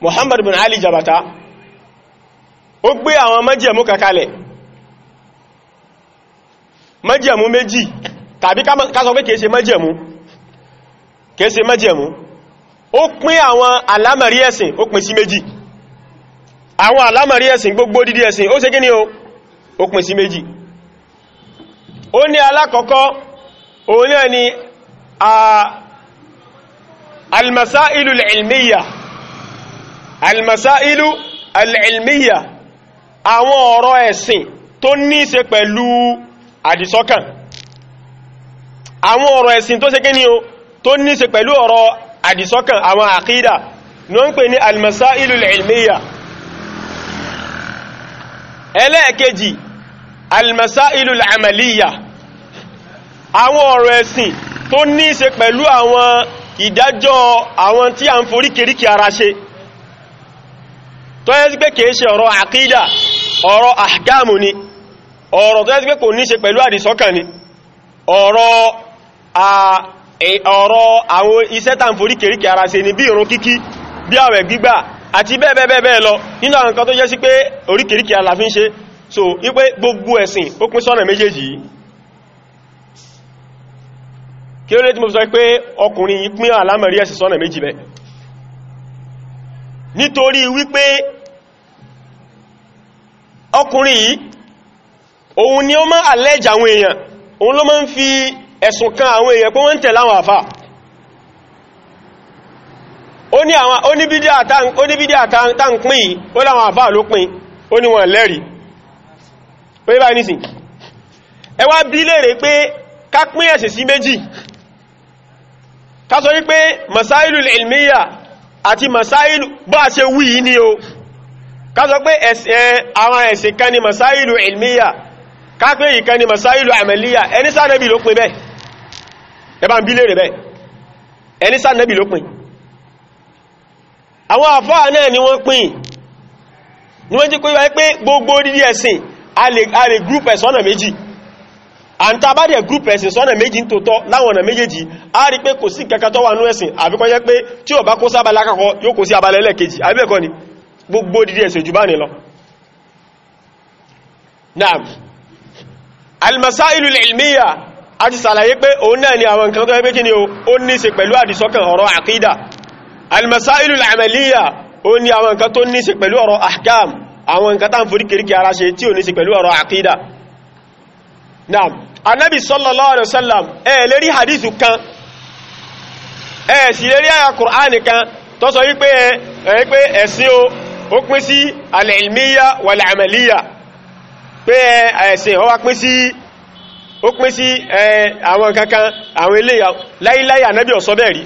Muhammad bin Ali Jabata ó gbé àwọn májẹ̀mú kakalẹ̀ májẹ̀mú méjì tàbí ká sọ pé kìí ṣe májẹ̀mú kìí ṣe májẹ̀mú ó pín àwọn alámàrí ẹ̀sìn ó pín sí méjì àwọn alámàrí ẹ̀sìn gbogbo dídí ẹ̀sìn ó ṣe kí o ó pín sí méjì ó ní alákọ̀ọ́kọ́ òun náà ni almasailu al-ilmiyya almasailu al'ilmiya àwọn ọ̀rọ̀ ẹ̀sìn tó ní ṣe pẹ̀lú àdìsọ́kàn àwọn ọ̀rọ̀ ẹ̀sìn tó ṣe kí ni o tó ní ṣe pẹ̀lú ọ̀rọ̀ àdìsọ́kàn àwọn àkídà ní wọ́n ń pè ní almasailu al'ilmiya ẹlẹ́ẹ̀kejì almasailu al'amaliya àwọn ọ̀rọ̀ ẹ̀sìn tó ní ṣe pẹ̀lú àwọn ìdájọ́ àwọn tí a ń foríkèríkè ara ṣe tó yẹ sí pé kìí ṣe ọ̀rọ̀ àkídà ọ̀rọ̀ àgámù ni ọ̀rọ̀ tó yẹ sí pé kò ní ṣe pẹ̀lú àdìsọ́kàn ni ọ̀rọ̀ àwọn iṣẹ́ tàn forí kèríkè ara ṣe ni bí ìrun kíkí bí àwẹ̀ gbígbà àti so wípé gbogbo ẹ̀sìn ó pín sọ́nà méjèèjì yìí kí ó lè tí mo sọ pé ọkùnrin yìí pín àlámẹ̀rí ẹ̀sìn sọ́nà bẹ́ẹ̀ nítorí wípé ọkùnrin yìí òun ni ó máa allege àwọn èèyàn òun ló máa ń fi ẹ̀sùn kan àwọn èèyàn pé wọ́n ń tẹ̀lé àwọn àfà ó ní bídíà tá ń pín yìí ó láwọn àfà ló pín ó ní wọn lẹ́rìí pé bá nísìn ẹ wá bi léèrè pé ká pín ẹ̀sìn sí méjì ká sọ wípé masailu ilmiya àti masailu bá a ṣe wí ní o kásọ pé àwọn ẹ̀sìn kan ni masáìlù ilmiya kápé yìí kan ni masáìlù amaliya ẹni sánẹ́bì ló pin bẹ́ ẹbá ń bí lèrè bẹ́ ẹni sánẹ́bì ló pin àwọn àfáà náà ni wọ́n pin ni wọ́n jí kó yíwáyé pé gbogbo dídí ẹ̀sìn a lè group ẹ̀sìn ọ̀nà méjì àǹtà bá dẹ̀ group ẹ̀sìn sọ́nà méjì tó tọ́ láwọn ọ̀nà méjèèjì a rí pé kò sí kẹkẹtọ́ wà ní ẹ̀sìn àfikọ́ jẹ́ pé tí ó bá kó sábà lákàkọ́ yóò kó sí abalẹ́lẹ̀ kejì àbẹ́ẹ̀kọ́ ni gbogbo dídí ẹ̀sẹ̀ jù bá ní lọ naam almasailu ilmiya a ti sàlàyé pé òun náà ni àwọn nǹkan tó ẹgbẹ́ kí ni ó ní ṣe pẹ̀lú àdìsọ́kàn ọ̀rọ̀ àkídà almasailu amaliya ó ní àwọn nǹkan tó ní ṣe pẹ̀lú ọ̀rọ̀ ahkam àwọn nǹkan tán forí kìríkì ara ṣe tí ò ní ṣe pẹ̀lú ọ̀rọ̀ àkídà naam anabi sallallahu ó pín sí al-ilmiyya wal-amaliyya pé ẹ̀sìn ọwá pín sí ó pín sí àwọn kankan àwọn ilé láíláí ànábì ọ̀sọ́ bẹ́ẹ̀ rí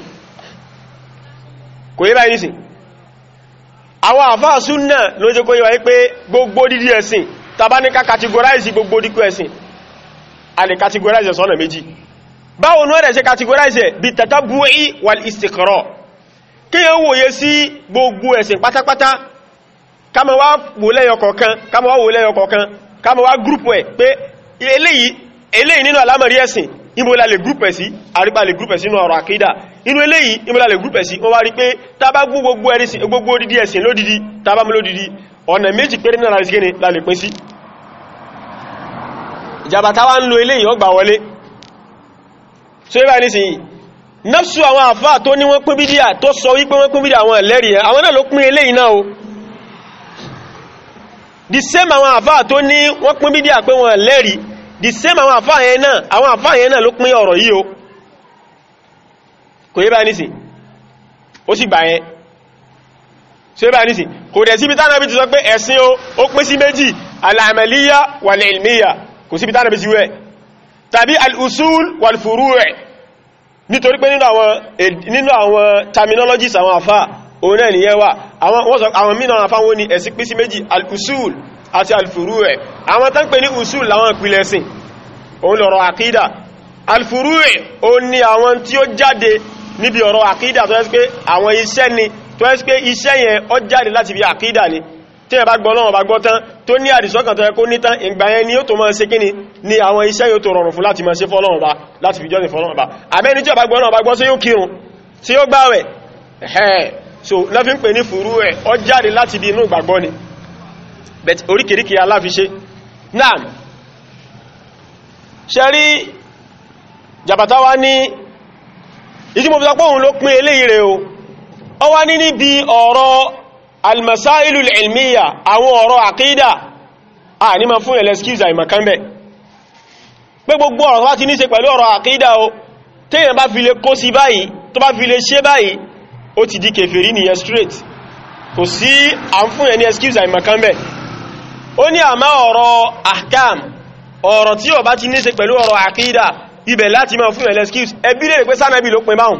kò yí báyìí nìsìn àwọn àfáà súnnà ló jẹ́ kó yí wáyé pé gbogbo dídí ẹ̀sìn tàbá ní ká categorize gbogbo díkú ẹ̀sìn a lè categorize sọ́nà méjì báwo ní ọ̀rẹ̀ ṣe categorize bí tàtàbùí wal istiqra kí yẹn wòye sí gbogbo ẹ̀sìn pátápátá kama wá wò lẹ́yọ kọ̀ọ̀kan kama wá wò lẹ́yọ kọ̀ọ̀kan kama wá gúrùpù ẹ̀ pé eléyìí eléyìí nínú alámọ̀rí ẹ̀sìn ìmúlà lè gúrùpù ẹ̀ sí àríbà lè gúrùpù ẹ̀ sínú ọ̀rọ̀ àkídà inú eléyìí le group esi, ẹ̀ sí wọ́n wá rí pé tábá gbogbo odidi ẹ̀sìn lódidi tábá mú lódidi ọ̀nà méjì péré náà láti gẹ́ni lálẹ́ pín sí ìjàbà táwá ń lo eléyìí ọgbà wọlé so ibà nísìnyí nafsu àwọn àfáà tó ní wọ́n pín bídíà tó sọ wípé wọ́n pín bídíà àwọn ẹlẹ́rìí àwọn náà ló pín eléyìí náà o the same àwọn àfá tó ní wọ́n pín bídíà pé wọ́n lẹ́rí the same àwọn àfá yẹn náà àwọn àfá yẹn náà ló pín ọ̀rọ̀ yìí o kò yé bá nísìn ó sì gbà yẹn ṣe bá nísìn kò dẹ̀ síbi tánàbí ti sọ pé ẹ̀sìn o ó pín sí méjì alàmàlíyà wàlẹ̀ìlmíyà kò síbi tánàbí ti wẹ̀ tàbí alùsùl wàlfùrú rẹ̀ nítorí pé nínú àwọn terminologies àwọn àfáà òun náà nìyẹn wà àwọn mìíràn àfáwọn ní ẹ̀sí pín sí méjì al-usul àti al-furu' ẹ̀ àwọn tán pè ní usul láwọn ìpìlẹ̀ ẹ̀sìn òun lọ̀rọ̀ àkídà al-furu' ẹ̀ ó ní àwọn tí ó jáde níbi ọ̀rọ̀ àkídà tó ẹ́sí pé àwọn iṣẹ́ ni tó ẹ́sí pé iṣẹ́ yẹn ó jáde láti bí àkídà ni tí ẹ bá gbọ́ lọ́wọ́ bá gbọ́ tán tó ní àdìsọ́kàn tó yẹ kó ní ìgbà yẹn ni ó tó máa ṣe kíni ni àwọn iṣẹ́ yóò tó rọrùn fún láti máa ṣe fọ́lọ́wọ́ bá láti fi jọ́sìn fọ́lọ́wọ́ bá àmẹ́ni tí ó bá gbọ́ lọ́wọ́ bá gbọ́ sí yóò kírun tí ó gbáwẹ̀ so lọ́fí ń pè ní fúrú ẹ̀ ọ jáde láti bí inú ìgbàgbọ́ ni but oríkèríkè aláfiṣe náà ṣe rí jàbàtà wá ní ìdímọ̀bùsápọ̀ òun ló pín eléyìí rẹ̀ o ọ wá ní níbi ọ̀rọ̀ almasailul ilmiya àwọn ọ̀rọ̀ àkídà a ní ma fún ẹlẹ́skíza ìmọ̀kánbẹ̀ pé gbogbo ọ̀rọ̀ wá ti ní ṣe pẹ̀lú ọ̀rọ̀ àkídà o téèyàn bá fi lè kó sí báyìí tó bá fi lè ṣe báyìí ó ti di kèfèrí nìyẹn straight kò sí àǹfún ẹni excuse àìmọ̀kan bẹ̀ ó ní àmá ọ̀rọ̀ ahkam ọ̀rọ̀ tí ó bá ti níṣe pẹ̀lú ọ̀rọ̀ àkídà ibẹ̀ láti máa fún ẹ̀lẹ́ excuse ẹbí lè pé sánàbí ló pin báhùn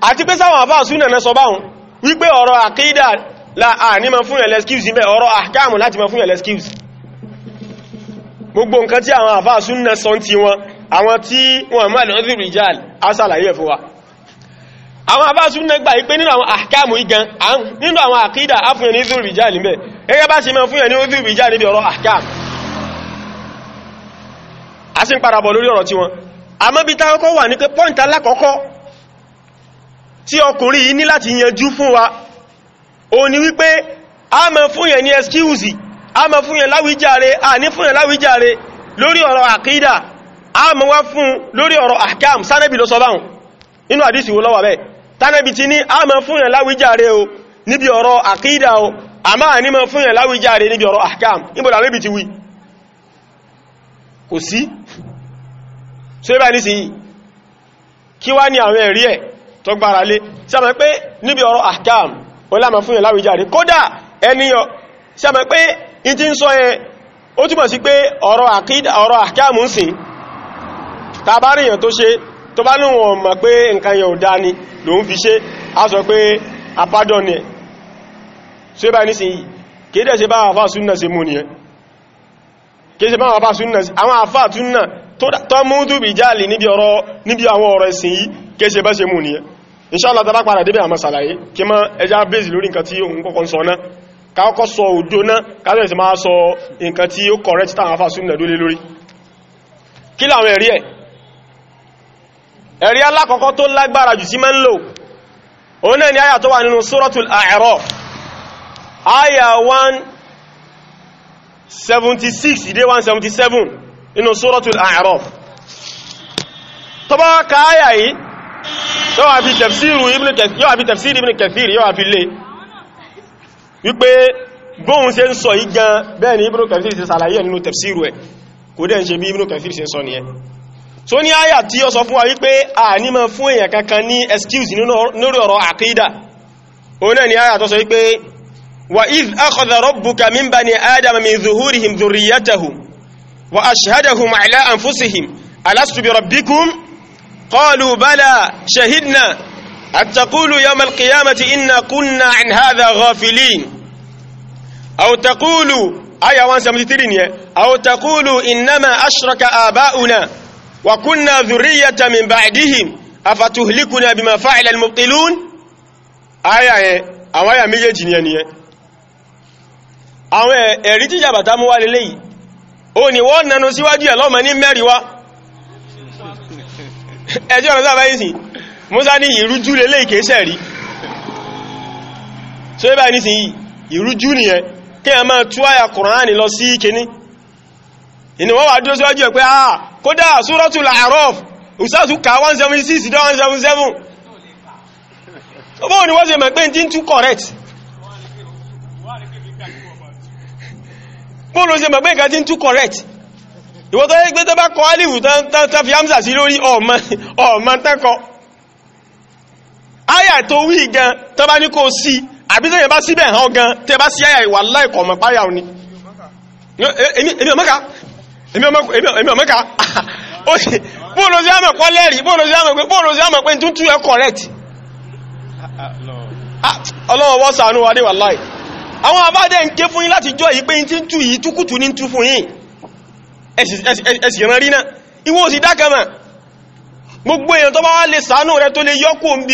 àti pé sáwọn àfáà súnà náà sọ báhùn wípé ọ̀rọ̀ àkídà láàní máa fún ẹ̀lẹ́ excuse ibẹ̀ ọ̀rọ̀ ahkam láti máa fún ẹ̀lẹ́ excuse gbogbo nǹkan tí àwọn àfáà súnà sọ ti wọn àwọn tí wọn mọ́ àlọ́dún rìjáàlì á sàlàyé fún wa àwọn abáṣún náà gbà ipé nínú àwọn àkáàmù igan nínú àwọn àkídà afúnyẹ ní zuru ìjà níbẹ̀ gẹ́gẹ́ bá ṣe mọ́ fúnyẹ ní zuru ìjà níbi ọ̀rọ̀ àkáàmù a sì ń parabọ̀ lórí ọ̀rọ̀ tí wọn àmọ́ bí táwọn wà ní pé pọ́ǹtà alákọ̀ọ́kọ́ tí ọkùnrin yìí ní láti yanjú fún wa ó ní wípé a mọ̀ fúnyẹ ní excuse a mọ̀ fúnyẹ láwíjàre a ní fúnyẹ láwíjàre lórí wo lọ́wọ́ bẹ́ẹ̀ tánàbí ti ní a ma fúnyàn láwíjáre o níbi ọ̀rọ̀ àkídà o a máa ní ma fúnyàn láwíjáre níbi ọ̀rọ̀ àkàm níbò lànàbí ti wí kò sí so ibá ní sí yìí kí wá ní àwọn ẹ̀rí ẹ̀ tó gbára lé sàmà pé níbi ọ̀rọ̀ àkàm o láma fúnyàn láwíjáre kódà ẹniyàn sàmà pé in ti tàbárìyàn tó ṣe tó bá níwọ̀n mọ̀ pé nǹkan yẹ̀ ò dá ni lòun fi ṣe a sọ pé apádọ́n ni ẹ̀ tí ó bá ní sí yìí kìí dẹ̀ ṣe bá àfá súnnà sí mú ni ẹ kìí ṣe bá àfá súnnà sí àwọn àfá túnnà tó mú tó bí jáàlì níbi àwọn ọ̀rọ̀ ẹ̀sìn yìí kìí ṣe bá ṣe mú ni ẹ inṣáàlá tàbá padà débẹ̀ àmà sàlàyé kí má ẹjá bèèsì lórí nǹkan tí òun kọ́kọ́ sọ náà káàkọ́ sọ òjò náà káàkọ́ sì máa sọ nǹkan tí ó kọ̀rẹ́ títà àwọn àfá ẹ̀ ẹ̀rí alákọ̀ọ́kọ́ tó lágbára jù sí mẹ́ ń lò òun náà ni àyà tó wà nínú suratul A'raf àyà 176 dé 177 nínú suratul A'raf tó bá ka àyà yìí yóò wà fi tafsiru Ibn Kathir yóò wà fi lè wípé bóhun ṣe ń sọ yìí gan bẹ́ẹ̀ ni Ibn Kathir ṣe ṣàlàyé nínú tafsiru ẹ̀ kò dẹ́ ń ṣe bí Ibn Kathir ṣe sọ nìyẹn so ní àyà tí ó sọ fún wa wípé a ní ma fún èèyàn kankan ní excuse lórí ọ̀rọ̀ àkídà o náà ní eyan kankan ni tó o na ni aya wípé wa iz akhadha rabbuka min bani adam min zuhurihim dhurriyyatahum wa ashhadahum ala anfusihim alastu bi rabbikum qalu bala shahidna an taqulu alqiyamati inna kunna an hadha ghafilin aw taqulu aya 173 ni aw taqulu ma ashraka aba'una وكنا ذرية من بعدهم أفتهلكنا بما فعل المبطلون آية àwọn àyà méjèèjì ni ẹni ẹ àwọn ẹ̀rí tí jàbàtà mú wá lélé yìí o ni wọ́n nanú síwájú ẹ̀ lọ́mọ ní mẹ́rin wá ẹjọ́ ọ̀nà sáfẹ́ ìsìn Músá ní ìrújú lélé ìkéṣẹ́ rí so ẹ bá sí ìrújú nìyẹn kí a máa tú àyà kódà Suratul A'raf ìsáàtù ká 176 dá 177 ọmọ ni wọ́n ṣe mẹ́ pé tí ń tún correct bóòlù ṣe mẹ́ pé nǹkan tí ń tún correct ìwọ́n tó yẹ́ pé tó bá kọ alifu tán fi hamza sí lórí ọmọ tẹ́kọ áyà tó wí gan tó bá ní kó sí àbí tó yẹ bá síbẹ̀ hàn gan tẹ bá sí áyà ìwà láìkọ̀ọ̀mọ̀ páyà òní èmi ọmọ́ka èmi ọmọ ká ó sì bóòlù sí àmọ̀ pọ́ lẹ́rìí bóòlù sí àmọ̀ pé bóòlù sí àmọ̀ pé tún tún ẹ correct ah, ọlọ́wọ́ wọ́n sàánú wa ní láì àwọn àbádẹ́ ń ké fún láti jọ yìí pé tí ń tú túkùtù ní tú fún yín ẹ̀sì rán rí náà dákẹ́mà gbogbo èèyàn tó bá wá lè tó lè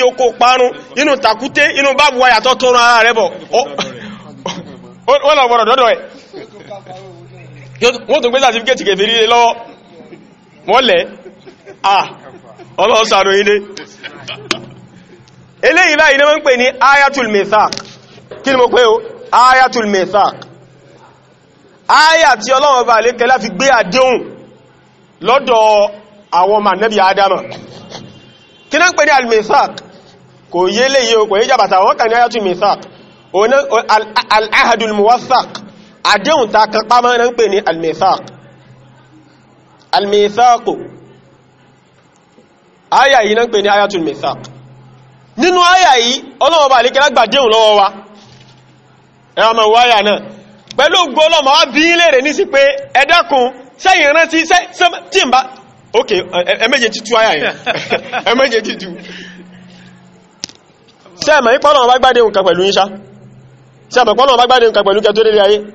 oko parun inú inú bábu ayàtọ̀ tó rán ara bọ̀ ó lọ gbọ́dọ̀ dọ́dọ̀ wọ́n tún gbé sàtífíkẹ́tì kèfèrí lé lọ́wọ́ wọ́n ah ọlọ́run ṣàánú yín dé eléyìí báyìí ni wọ́n ń pè ní ayatul mithaq kí ni mo pè o ayatul mithaq aya tí ọlọ́run bá lè kẹlá fi gbé àdéhùn lọ́dọ̀ àwọn ọmọ ànábì adama kí náà ń pè ní al-mithaq kò yé léyìí o kò yé jàbàtà wọ́n kà ní ayatul mithaq al-ahadul muwathaq àdéhùn ta kan pàmọ́ ẹ̀nà ń pè ní al-mithaq al-mithaq àyà yìí náà ń pè ní ayatul mithaq nínú àyà yìí ọlọ́wọ́ bá alékẹ́lá gbàdéhùn lọ́wọ́ wa ẹwà mọ̀ wọ àyà náà pẹ̀lú gbọ́lọ́mọ̀ wá bí lèrè ní sí pé ẹ̀dẹ́kùn sẹ́yìn rántí tí ń bá ok ẹmẹ́jẹ títú àyà yìí ẹmẹ́jẹ títú sẹ́ẹ̀mọ̀ ìpọ́lọ̀wọ́ bá gbàdéhùn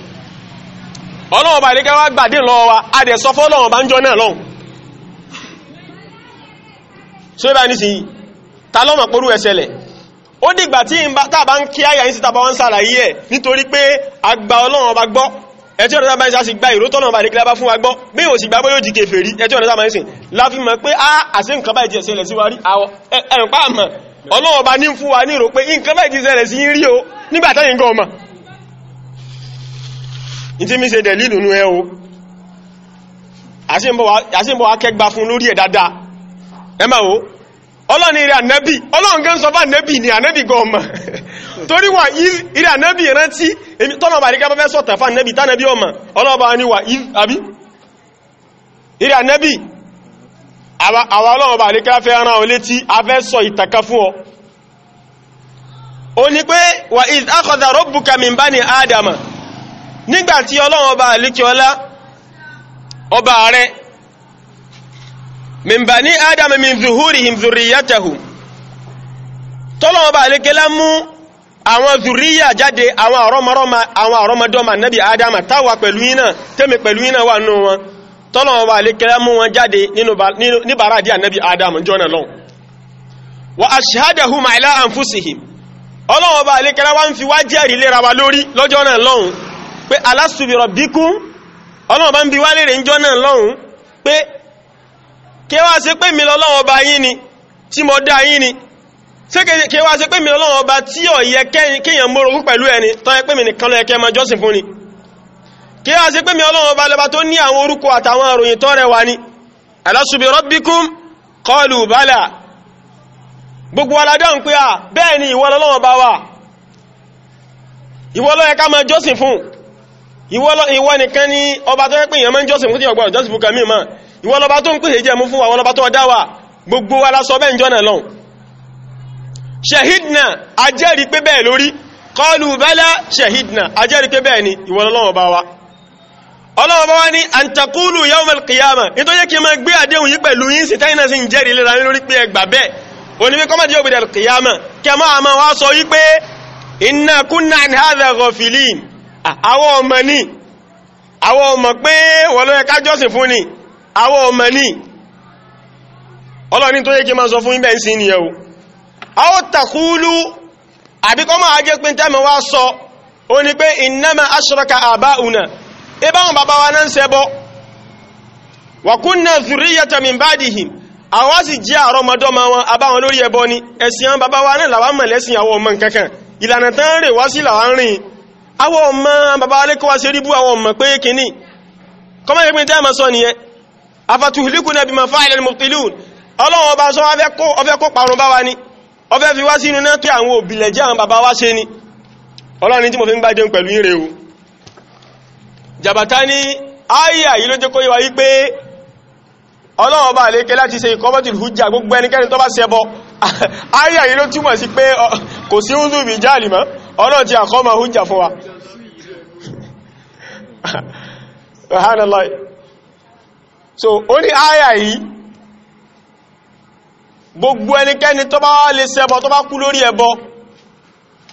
ọlọ́wọ́ bá ilé kẹwàá gbàdé lọ́wọ́ wa a dẹ̀ sọ fọ́lọ́wọ́ bá ń jọ náà lọ́hùn so ibà ní sí ta lọ́mọ̀ pẹ̀lú ẹsẹ̀lẹ̀ ó dìgbà tí tàbá ń kí àyà ìsìta bá wọ́n sàlàyé ẹ̀ nítorí pé àgbà ọlọ́wọ́ bá gbọ́ ẹtí ọ̀nà sábà ń sá sí gba ìró tọ́nà bá dékìlá bá fún wa gbọ́ bí ò sì gbá bóyó jì kèfèrí ẹtí ọ̀nà sábà ń sìn láfi mọ̀ pé a àṣẹ nǹkan báyìí ti ṣẹlẹ̀ sí wa rí ẹ̀rùn pàmọ̀ ọlọ́wọ́ bá ní fún wa ní ìrò pé nǹkan báyìí ti ṣẹlẹ̀ sí rí o nígbà táyìn gan ọmọ tí mi ṣe dẹ̀lìlù nú ẹ o àṣíbọ̀ akẹgbà fún lórí ẹ̀ dáadáa ẹ o wo ọlọ́ni ìrẹ̀ ànẹ́bì ọlọ́run sọ bá ànẹ́bì ni ànẹ́bì gan ọmọ torí wà ìrẹ̀ ànẹ́bì rántí èmi tọ́nà bàrí ká fẹ́ sọ̀tàn ànẹ́bì tánẹ́bì ọmọ ọlọ́ba ni wà àbí ìrẹ̀ ànẹ́bì àwa ọlọ́run bàrí ká fẹ́ rán ọ létí a bani nígbàtí ọlọ́run ọba àlékiọlá ọba rẹ̀ min bani adam min zuhurihim zurriyatahum tọ́lọ́run ọba àlékiọlá mú àwọn zùríyà jáde àwọn àrọ́mọrọ́mọ àwọn àrọ́mọdọ́mọ nabi adam táwa pẹ̀lú iná tẹ́mi pẹ̀lú iná wà nù wọn tọ́lọ́run ọba àlékiọlá mú wọn jáde níbàárà díà nabi adam jọ́nà lọ́wọ́ wa ashhadahum ala anfusihim ọlọ́run ọba àlékiọlá wá ń fi wá jẹ́rìí lera wa lórí lọ́jọ́ náà lọ́hùn pé alastu bi rabbikum ọlọ́run bá ń bi wá lérè ń jọ náà lọ́hùn pé kí wá ṣe pé mi lọ́lọ́run ọba yín ni tí mo dá yín ni kí wá ṣe pé mi lọ́lọ́run ọba tí ò yẹ kéèyàn mórogún pẹ̀lú ẹni tó yẹ pé mi nìkan ló yẹ jọ́sìn fún ni kí wá ṣe pé mi ọlọ́run ọba lọ́ba tó ní àwọn orúkọ àtàwọn àròyìn tó rẹwà ni alastu bi rabbikum qalu gbogbo aládọ́n pé à bẹ́ẹ̀ ni ìwọ lọ́lọ́run ọba wà ìwọ ló ká máa jọ́sìn fún ìwọ nìkan ni ọba tó pè yàn mọ́ jọ́sìn fún tí ọgbọ̀rọ̀ jọ́sìn fún kàmí mọ́ ìwọ lọba tó ń pèsè jẹ́ mú fún àwọn ọba tó dá wa gbogbo wa lásọ bẹ́ẹ̀ jọ́nà lọ́n ṣehidna ajẹ́rìí pé bẹ́ẹ̀ lórí kọlù bala ṣehidna ajẹ́rìí pé bẹ́ẹ̀ ni ìwọ lọ́wọ́ bá wa ọlọ́wọ́ bá wá ní àǹtakúlù yawmal qiyama nítorí yẹ́ kí ma gbé àdéhùn yí pẹ̀lú yí sí tẹ́yìnà sí ìjẹ́rì lera àwọn ọmọ ní àwọn ọmọ pé wọ́n fún ni àwọn ọmọ ní ọlọ́ni tó yẹ kí máa sọ fún ibẹ̀ ń sin nìyẹn o a tàkúlú àbíkọ́ máa jẹ́ tẹ́mọ̀ wá sọ ó ní pé innama ashraka abauna ibáwọn bàbá wa náà ń ṣẹbọ wa kunna dhurriyyata min ba'dihim àwa sì jẹ́ ma wọn abáwọn lórí ẹbọ ni ẹ̀sìn wa náà làwọn mọ̀lẹ́sìn àwọn ọmọ ìlànà tán rè wá sí làwọn àwọn ọmọ bàbá alékọwà sí ríbú àwọn ọmọ pé kìíní kọmọ̀ ìpín tẹ́ ma sọ nìyẹn afatuhulikun ẹbí ma fa'ila al-mubtilun ọlọ́wọ́ bá sọ ọfẹ́ kó parun bá wa ní ọfẹ́ fi wá sínú náà tó àwọn òbílẹ̀ jẹ́ àwọn bàbá wá ṣe ní ọlọ́rin tí mo fi ń gbádùn pẹ̀lú ire o jàbátá ní ayà hujja gbogbo ẹnikẹ́ni tó bá ṣẹbọ ayà yìí ló túmọ̀ sí pé kò sí húzù bí jáàlì hujja fún wa subhanallah so ó aya gbogbo ẹnikẹ́ni tó bá lè ṣẹbọ tó bá kú lórí ẹbọ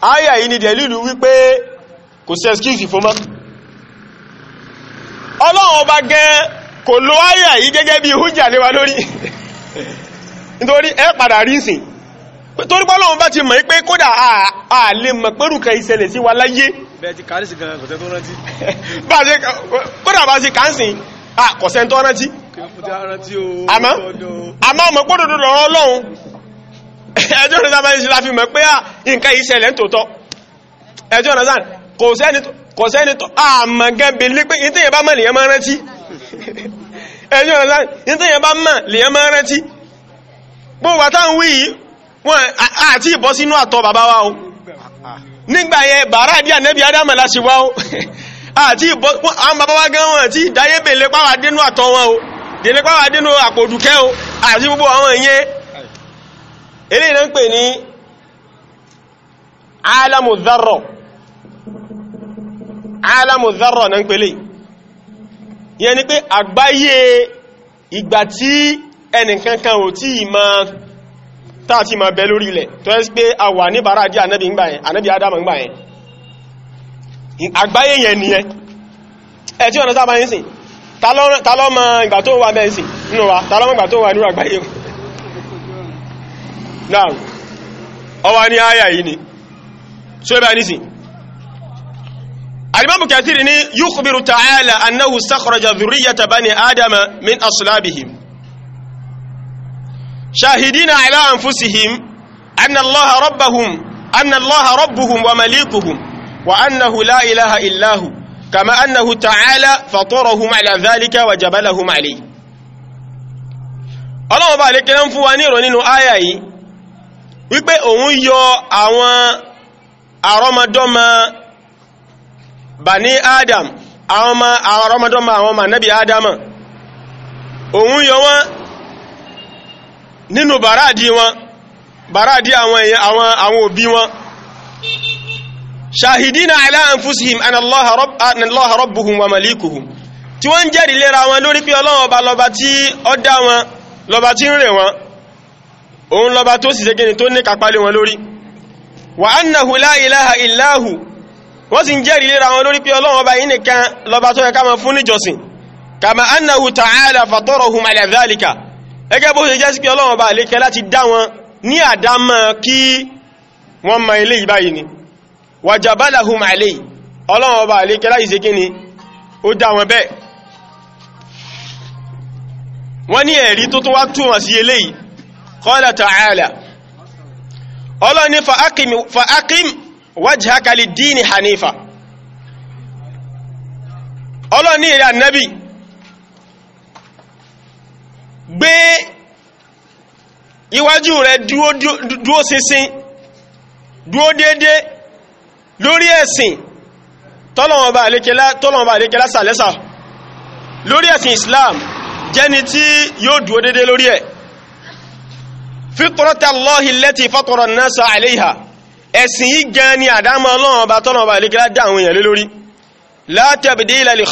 yìí ni dẹ̀lìlú wípé kò sí excuse fún mọ́ ọlọ́run ọba gẹ́ kò ló àyà yìí gẹ́gẹ́ bí hújà léwa lórí nítorí ẹ padà rí sìn torípọ́lọ́run bá ti mọ̀ pé kódà lè mọ̀ bẹ́ẹ̀ ti kàrí sí gan kọ̀sẹ̀ tó rántí bá ṣe kódà bá ṣe kàánsìn kọ̀sẹ̀ tó rántí àmọ́ àmọ́ ọmọ gbọ́dọ̀ lọ́rọ̀ ọlọ́run ẹjọ́ rẹ̀ sábà ṣe láfi mọ̀ pé nǹkan yìí ṣẹlẹ̀ ń tòótọ́ ẹjọ́ rẹ̀ sáà kò sẹ́ni tó àmọ́ gẹ́bẹ̀ lé pé ní tẹ́yẹ bá mọ̀ lèyàn máa rántí ẹjọ́ rẹ̀ sáà ní tẹ́yẹ bá mọ̀ lèyàn máa rántí gbogbo àtàwọn wí yìí wọ́n àti ìbọ́ sínú bàbá wa o nígbà yẹn bàárà díà nẹ́bí ádámà láti wá ó àti ìbọn àwọn bàbá wa gan wọn ti ìdáyébè lè pàwà dínú àtọ wọn o délé pàwà dínú àpòdùkẹ́ o àti gbogbo àwọn ìyẹn eléyìí náà ń pè ní alamu dharra alamu dharra náà ń pè lè yẹn ni pé àgbáyé ìgbà tí ẹnìkankan ò tí ì máa táà ti ma bẹ lórí ilẹ̀ tó ẹ́ pé a wà ní bàrá àdí ànábì ńgbà yẹn ànábì adama ńgbà yẹn àgbáyé yẹn nìyẹn ẹ̀ tí ọ̀nà sábà ń sìn ta ló mọ ìgbà tó wà bẹ́ẹ̀ nínú wa ta ìgbà tó wà nínú àgbáyé náà ọwà ní àyà yìí ni ṣó ẹ bá ní sìn alimami kathiri ni yukubiru ta'ala annahu sakhraja dhurriyata bani adama min aslabihim شاهدين على أنفسهم أن الله ربهم أن الله ربهم ومليكهم وأنه لا إله إلا هو كما أنه تعالى فطرهم على ذلك وجبلهم عليه ọlọ́wọ́ bá lè kíná fún wa ní ìrọ̀ nínú àyà yìí wípé òun yọ àwọn àrọmọdọ́mọ bani adam àwọn ọmọ àrọmọdọ́mọ àwọn ọmọ nẹ́bí adama òun yọ wọ́n nínú bàrádì wọn bàrádì àwọn òbí wọn ṣàhìdínà ala anfusihim anallaha rabbuhum wa malikuhum tí wọ́n ń jẹ́rì lera wọn lórí pé Ọlọ́run ọba lọba tí ó dá wọn lọba tí ń rẹ̀ wọn òun lọba tó sì ṣegini tó ní kàpálẹ̀ wọn lórí wa annahu la ilaha illahu wọ́n sì ń jẹ́rì lera wọn lórí pé fún níjọsìn kama annahu ta'ala fatarahum ala dhalika ẹgẹ́ bó ṣe jẹ́ sí pé ọlọ́run bá lékẹ́ láti dá wọn ní àdámọ́ kí wọ́n ma ilé ìbáyìí ni wàjàbálàhùn àìlè ọlọ́run bá lékẹ́ láti ṣe kí ni ó dá wọn bẹ́ẹ̀ wọ́n ní ẹ̀rí tó tún wá tún sí ilé yìí gbé iwájú rẹ̀ dúó ṣinṣin dúó déédé lórí ẹ̀sìn tọ́lọ̀wọ̀nba àlékẹ́lá sàlẹ́sà lórí ẹ̀sìn Islam jẹ́ni tí yóò dúó déédé lórí ẹ̀ fitrata Allahi lati fatara an-nasa 'alayha ẹ̀sìn yìí gan ni àdámọ́ ọlọ́run ọba tọ́nà dá àwọn èèyàn lé lórí la tabdila li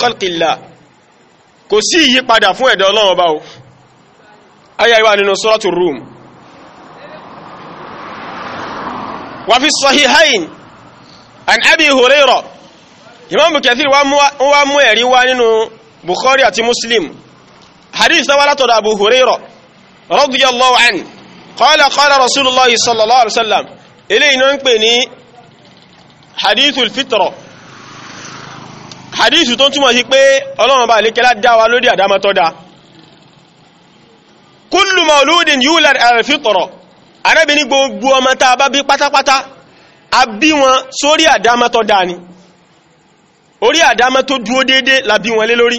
kò sí ìyípadà fún ẹ̀dọ̀ ọlọ́run o aya wà nínú suratu rum wa fi sahihain an abi hurairah imam kathir wa mú ẹ̀rí wá nínú bukhari àti muslim hadith náà wá látọ̀dọ̀ abu hurairah radiyallahu anhu qala qala rasulullah sallallahu alaihi wasallam eléyìí náà ń pè ní hadithul fitra hadithu tó túmọ̀ sí pé ọlọ́run bá lè kẹ́lá lórí àdámọ́tọ́dá kúlù maulúdín yúlad alfitọ̀rọ̀ arábìnrin gbogbo ọmọ tá bá bí pátápátá a bí wọn sórí àdámọ́ tó dáa ni orí àdámọ́ tó dúó dédé la bí wọn lé lórí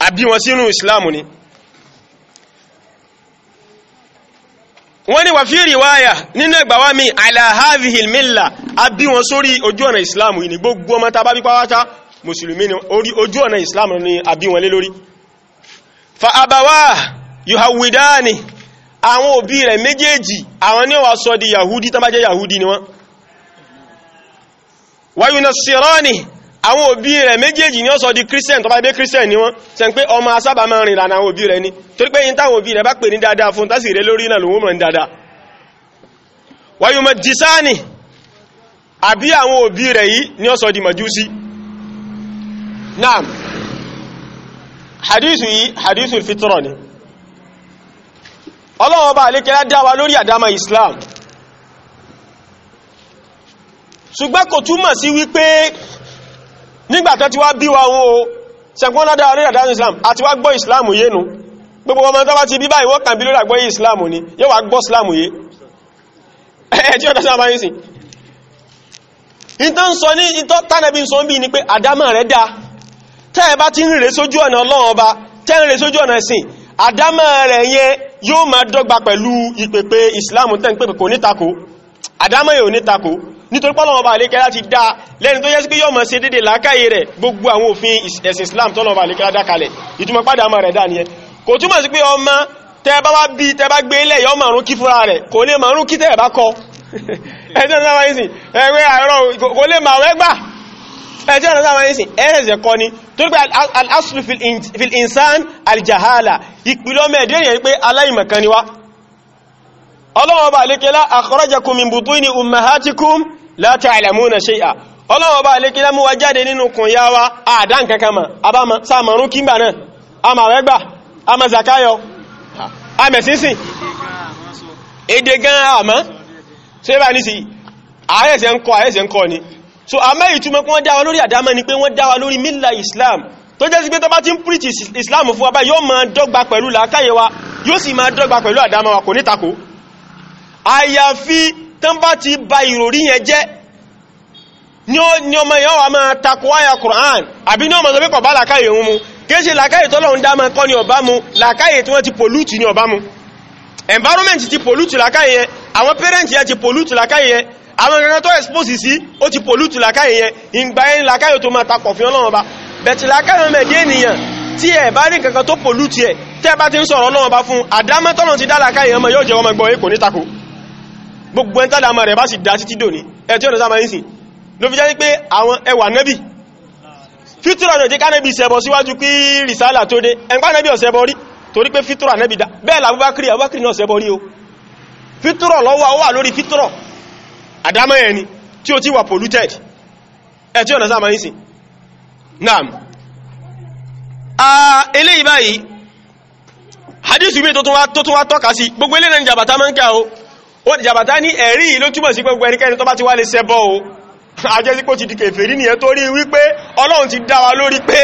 a bí wọn sínú islamu ni wọ́n ni wà fí ríwáyà nínú ẹgbàwá mi alahazihil milla a bí wọn sórí ojú ọ̀nà islamu ni gbogbo ọmọ tá bá bí pátápátá mùsùlùmí ni ojú ọ̀nà islamu ni a bí wọn lé lórí fa abawa yuhawidani àwọn òbí rẹ̀ méjèèjì àwọn ní wà sọ di yahudi tán bá jẹ́ yahudi ni wọ́n wáyúna sírọ́ni àwọn òbí rẹ̀ méjèèjì ní ó sọ di christian tó bá jẹ́ christian ni wọ́n ṣe pé ọmọ asábà máa rìn lànà àwọn òbí rẹ̀ ni torí pé yín táwọn òbí rẹ̀ bá pè ní dáadáa fún tásì rẹ̀ lórí náà lòun mọ̀ ní dáadáa wáyúma jisani àbí àwọn òbí rẹ̀ yìí ní hadithu yìí hadithu fitra ni ọlọ́wọ́ bá alékẹ́lá dáwà lórí àdámà islam ṣùgbọ́n kò túmọ̀ sí wípé nígbàtọ́ tí wá bí wa wọn o sẹ́kún lọ́dáwà lórí islam a wá gbọ́ islam yénu gbogbo ọmọ tó ma ti biba báyìí kàn bí lórí àgbọ́ islam ni yóò wá gbọ́ islam yé ẹ̀ẹ́dí ọ̀dọ́ sábà tẹ́ ẹ bá ti ń rèé sójú ọ̀nà ọlọ́run ọba tẹ́ ń rèé sójú ọ̀nà ẹ̀sìn àdámọ́ rẹ̀ yẹn yóò máa dọ́gba pẹ̀lú ìpèpè ìsìláàmù tẹ́ ń pèpè kò nítako àdámọ́ Islam tọ́lọ́wọ́ bá àlékẹ́ dá kalẹ̀ ìtumọ̀ padà mọ̀ rẹ̀ dá nìyẹn kò túmọ̀ sí pé ọmọ tẹ́ bá wá bí tẹ́ bá gbé ilẹ̀ yọ́ mọ̀rún ẹjẹ́ ọ̀nà sáwọn ẹ̀sìn ẹ̀ẹ́sẹ̀ kọ́ ni tó rí pé al-aslu fil insan al-jahala ìpìlọ́ mẹ́ẹ̀dẹ́ yẹn pé aláìmọ̀kan ni wá ọlọ́wọ́ bá lékelá akhrajakum min butuni ummahatikum la ta'lamuna shay'a ọlọ́wọ́ bá lékelá mú wa jáde nínú kùn yá wa àdán kankama abáma sàmàrún kímbà náà amàwẹ́gbà amazakayo amẹ̀sínsìn èdè gan àmá ṣe ń kọ́ ààrẹ́sẹ̀ ń kọ́ ni so àmọ́ ìtumọ̀ pé wọ́n dá wa lórí àdámọ́ ni pé wọ́n dá lórí mílà islam tó jẹ́ sí pé tó bá ti ń preach islam fún wa báyìí yóò máa dọ́gba pẹ̀lú làákàyè wa yóò sì máa dọ́gba pẹ̀lú àdámọ́ wa kò ní tako àyàfi tán bá ba ìròrí yẹn jẹ́ ní ọmọ èèyàn Qur'an àbí ní ọmọ ìsọ́pẹ́pọ̀ bá làkáyè ohun mu kìí ṣe làkáyè tọ́lọ́run dáma kọ́ ní ọba mu làkáyè tí wọ́n ti pollute ní ọba mu environment ti pollute làkáyè yẹn àwọn parent yẹn ti pollute làkáyè àwọn ìran tó expose sí ó ti pollute làkáyè yẹn ìgbà ẹni làkáyè tó máa takọ̀ fi Ọlọ́run bá bẹ̀tì làkáyè mẹ́jẹ́ ènìyàn tí ẹ bá rí kankan tó pollute ẹ tẹ́ bá ti ń sọ̀rọ̀ Ọlọ́run bá fún àdámẹ́tọ́nà ti dá làkáyè ọmọ yóò jẹ́ ọmọ ẹgbọ́n èkó ní tako gbogbo ẹntà dàmà rẹ̀ bá sì dá títí dòní ẹ tí ọ̀nà sáà máa ń sìn ló fi jẹ́ pé àwọn ẹwà nẹ́bì fítúrà náà jẹ́ ká lọ́wọ́ wà lórí fítúrà àdámọ́ ẹ̀ ni tí ó ti wà polluted ẹ̀ tí ọ̀nà sáà máa ń sìn naam eléyìí báyìí hadithu mi tó tún wá tọ́ka sí gbogbo ilé náà jàbàtà máa ń ká o ó jàbàtà ní ẹ̀rí yìí ló túmọ̀ sí pé gbogbo ẹnikẹ́ni tó bá ti wá lè ṣẹbọ o àjẹ́sípò ti di kèfèrí nìyẹn torí wípé ọlọ́run ti dá wa lórí pé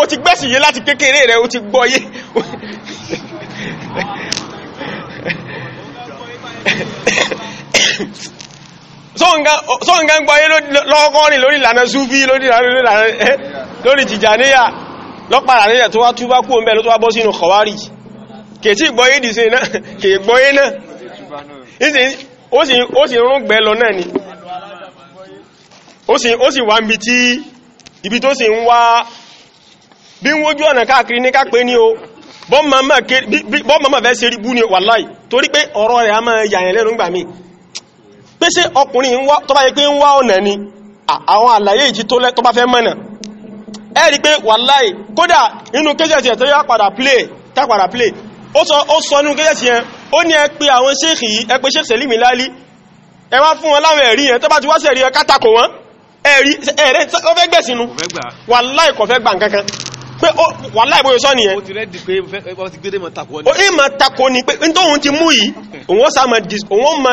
o ti gbẹ́sì yé láti kékeré rẹ̀ o ti gbọ́yé sọ́ǹgá ń gbọ́yé lọ́kọ́rin lórí ìlànà súfí lórí tìjàníyà lọ́pàá níyà tó wá túbá kú ọmọ ẹ̀lú tó wá bọ́ sínú kọwárì kètí gbọ́yé dìse náà kèè gbọ́yé náà ó sì rún gbẹ́ lọ náà ni ó sì wá níbi tí ibi tó sì ń wá bí ń wójú ọ̀nà káàkiri o bọ́ mama fẹ́ ṣe rí bú ni wàláì torí pé ọ̀rọ̀ rẹ̀ a máa pé ṣé ọkùnrin tó bá yẹ pé ń wá ọ̀nà ni àwọn àlàyé ìjí tó bá fẹ́ mọ̀nà ẹ rí pé wàláì kódà inú kéjẹ̀sì ẹ̀ tó yá padà play tá padà play ó sọ inú kéjẹ̀sì yẹn ó ní ẹ pé àwọn ṣéèkì yìí ẹ pé ṣéèkì sẹ́lìmì lálí ẹ wá fún ma takò ní pé ní tóhun ti mú yìí òun ma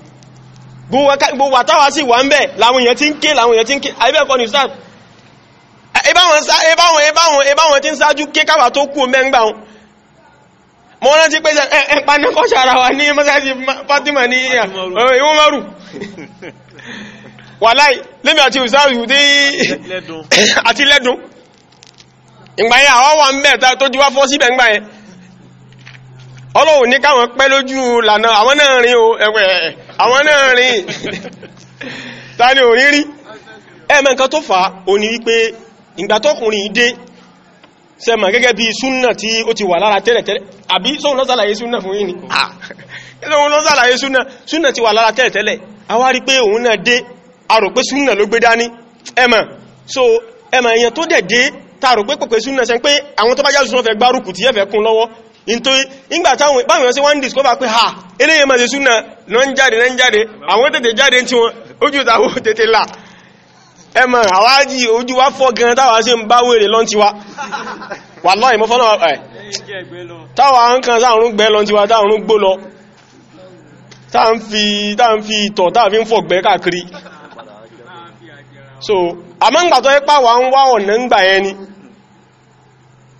gbogbo àtàwà sí wà ń bẹ̀ láwọn èèyàn tí ń ké láwọn èèyàn tí ń ké àìbẹ́ẹ̀kọ́ ní sáà ẹbáwọn tí ń sáájú ké káwà tó kú mẹ́ngbà wọn mọ́ rántí pé ẹ̀pánakọ́ṣà ara wa ní mọ́sáàsì Fatima ní ìwọ́n mẹ́rù wàláì lẹ́mí àti ìsáàrù dé àti lẹ́dùn ìgbàyẹn àwọn wà ń bẹ̀ tó ní àwọn náà rìn ta ni ò rí rí ẹ̀mẹ́ nǹkan tó fà ó ní wípé ìgbàtọ́kùnrin dé sẹ́mà gẹ́gẹ́ bí súnnà tí ó ti wà lára tẹ́lẹ̀tẹ́lẹ̀ àbí sóhun ló ṣàlàyé súnnà fún yìí ni sóhun ló ṣàlàyé súnnà súnnà ti wà lára tẹ́lẹ̀tẹ́lẹ̀ a wá rí pé òun náà dé a rò pé súnnà ló gbé dání ẹ̀mà so ẹ̀mà èèyàn tó dẹ̀ dé ta rò pé pòpè súnnà sẹ́ pé àwọn tó bá jẹ́ súnnà fẹ́ gbárùkù tí yẹ́ kún lọ́wọ́ nítorí ìgbà táwọn báwọn sí wọ́n discover pé ha eléyẹ ma ṣe súnà náà ń jáde náà ń jáde àwọn tètè jáde tí wọ́n ojú ìtàwó tètè là ẹmọ̀ àwájí ojú wá fọ́ gan táwà sí ń bá wèrè lọ́n ti wá wà lọ́ ìmọ́fọ́nà ẹ̀ táwà ń kan sáàrùn gbẹ́ lọ́n ti wá táàrùn gbó lọ táà ń fi ìtọ̀ táà fi ń fọ̀ gbẹ́ káàkiri so àmọ́ ń gbà tó ẹ́pà wà ń wá ọ̀nà ń gbà yẹn ni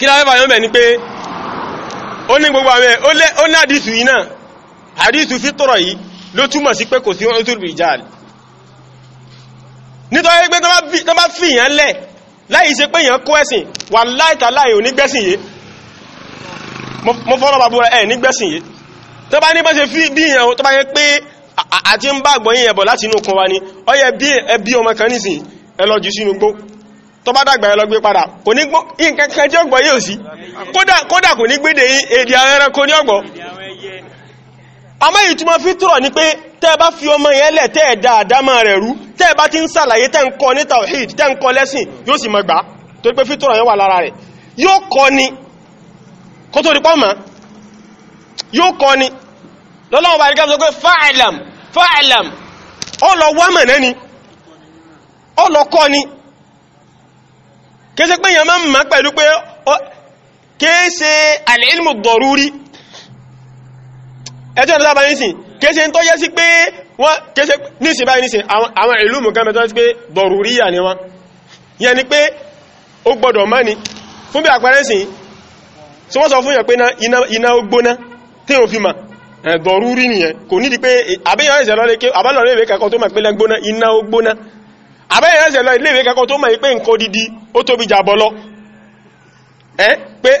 kí láwẹ́ bàyọ́ mẹ́ ni pé ó ní gbogbo àwẹ́ ó ní àdísù yìí náà àdísù fítọ̀rọ̀ yìí ló túmọ̀ sí pé kò sí ọ́n túrù ìjáàlì nítorí pé tó bá fi èèyàn lẹ̀ láì ṣe pé èèyàn kó ẹ̀sìn wà láìta láì ò nígbẹ̀sìn yé mo fọ́nà bàbú ẹ̀ nígbẹ̀sìn yé tó bá ní bá ṣe fi bí èèyàn tó bá yẹ pé àti ń bá àgbọ̀yìn ẹ̀bọ̀ láti inú kan wa ni ó yẹ bí ẹbí ọmọ kan tó bá dàgbà ẹlọgbé padà kò ní nǹkankan tí ọgbọ̀ yóò sí kódà kò ní gbédè èdè àwọn ẹranko ní ọgbọ̀ àmọ́ ìtumọ̀ ni pé tẹ́ bá fi ọmọ yẹn lẹ̀ tẹ́ ẹ̀dà àdámà rẹ̀ rú tẹ́ bá ti ń sàlàyé tẹ́ ń kọ ní tawhid tẹ́ ń lẹ́sìn yóò sì mọ̀ gbà pé wà lára rẹ̀ yóò kọ́ ni kó tó kéèsẹ́ pé yàn máa ń máa pẹ̀lú pé kéèsẹ́ alìlmù dọ̀rúrí ẹjọ́ ìrọ̀lá bá nísìn kéèsẹ́ tó yẹ sí pé wọ́n kéèsẹ́ nísìn báyìí nísìn àwọn ìlú mọ̀kánbẹ̀ tó yẹ sí pé dọ̀rúrí yà ní wọ́n yẹn ni pé ó gbọ́dọ̀ má ní fún bí àpẹẹrẹ sí tí wọ́n sọ fún yàn àbẹ́yẹ̀ ẹ̀ṣẹ̀ lọ iléèwé kẹ́kọ́ tó mọ̀ pé nǹkan odidi ó tóbi jàbọ́ ẹ́ pé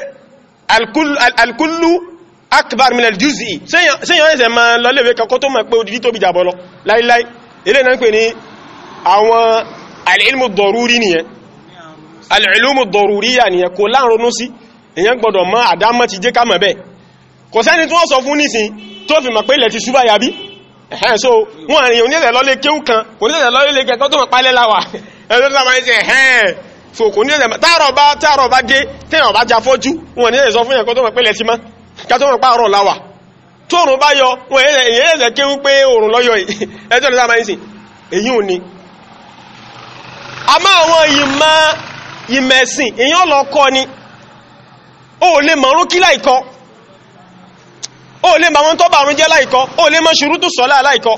alkullu akbar minal juz'i sẹ́yàn ẹ̀ṣẹ̀ ma lọ iléèwé kẹ́kọ́ tó mọ̀ pé odidi tóbi jàbọ́ lọ láíláí ilé náà ń pè ní àwọn alìlmù dọ̀rúrí nìyẹn alìlmù dọ̀rúrí yà nìyẹn kò láàrún sí èyàn gbọ́dọ̀ ẹ̀hẹ́n so wọ́n àríyàn onílẹ̀ lọ́lé kéwù kan kò nílẹ̀ lọ́lé kẹ́kọ́ tó mọ̀ pálẹ́ láwà ẹ̀rọ tó máa ń ṣe ẹ̀hẹ́n so kò nílẹ̀ táàrọ̀ bá táàrọ̀ bá dé téèyàn bá já fọ́jú wọ́n nílẹ̀ sọ fún yẹn kó tó mọ̀ pẹ́lẹ̀ sí mọ́ ká tó mọ̀ pààrọ̀ láwà tóòrùn bá yọ wọ́n èyí ẹ̀sẹ̀ kéwù pé òòrùn lọ́yọ̀ ẹjọ́ ní sáà máa ń sìn èyí ò ní a máa wọn ìmọ̀ ìmẹ̀sìn èyí ọlọ́kọ ni ó lè mọ̀rún kílà ìkọ́ ó lè bá wọn tó bàrún jẹ́ láìkọ́ ó lè mọ́ ṣùrútù sọ́lá láìkọ́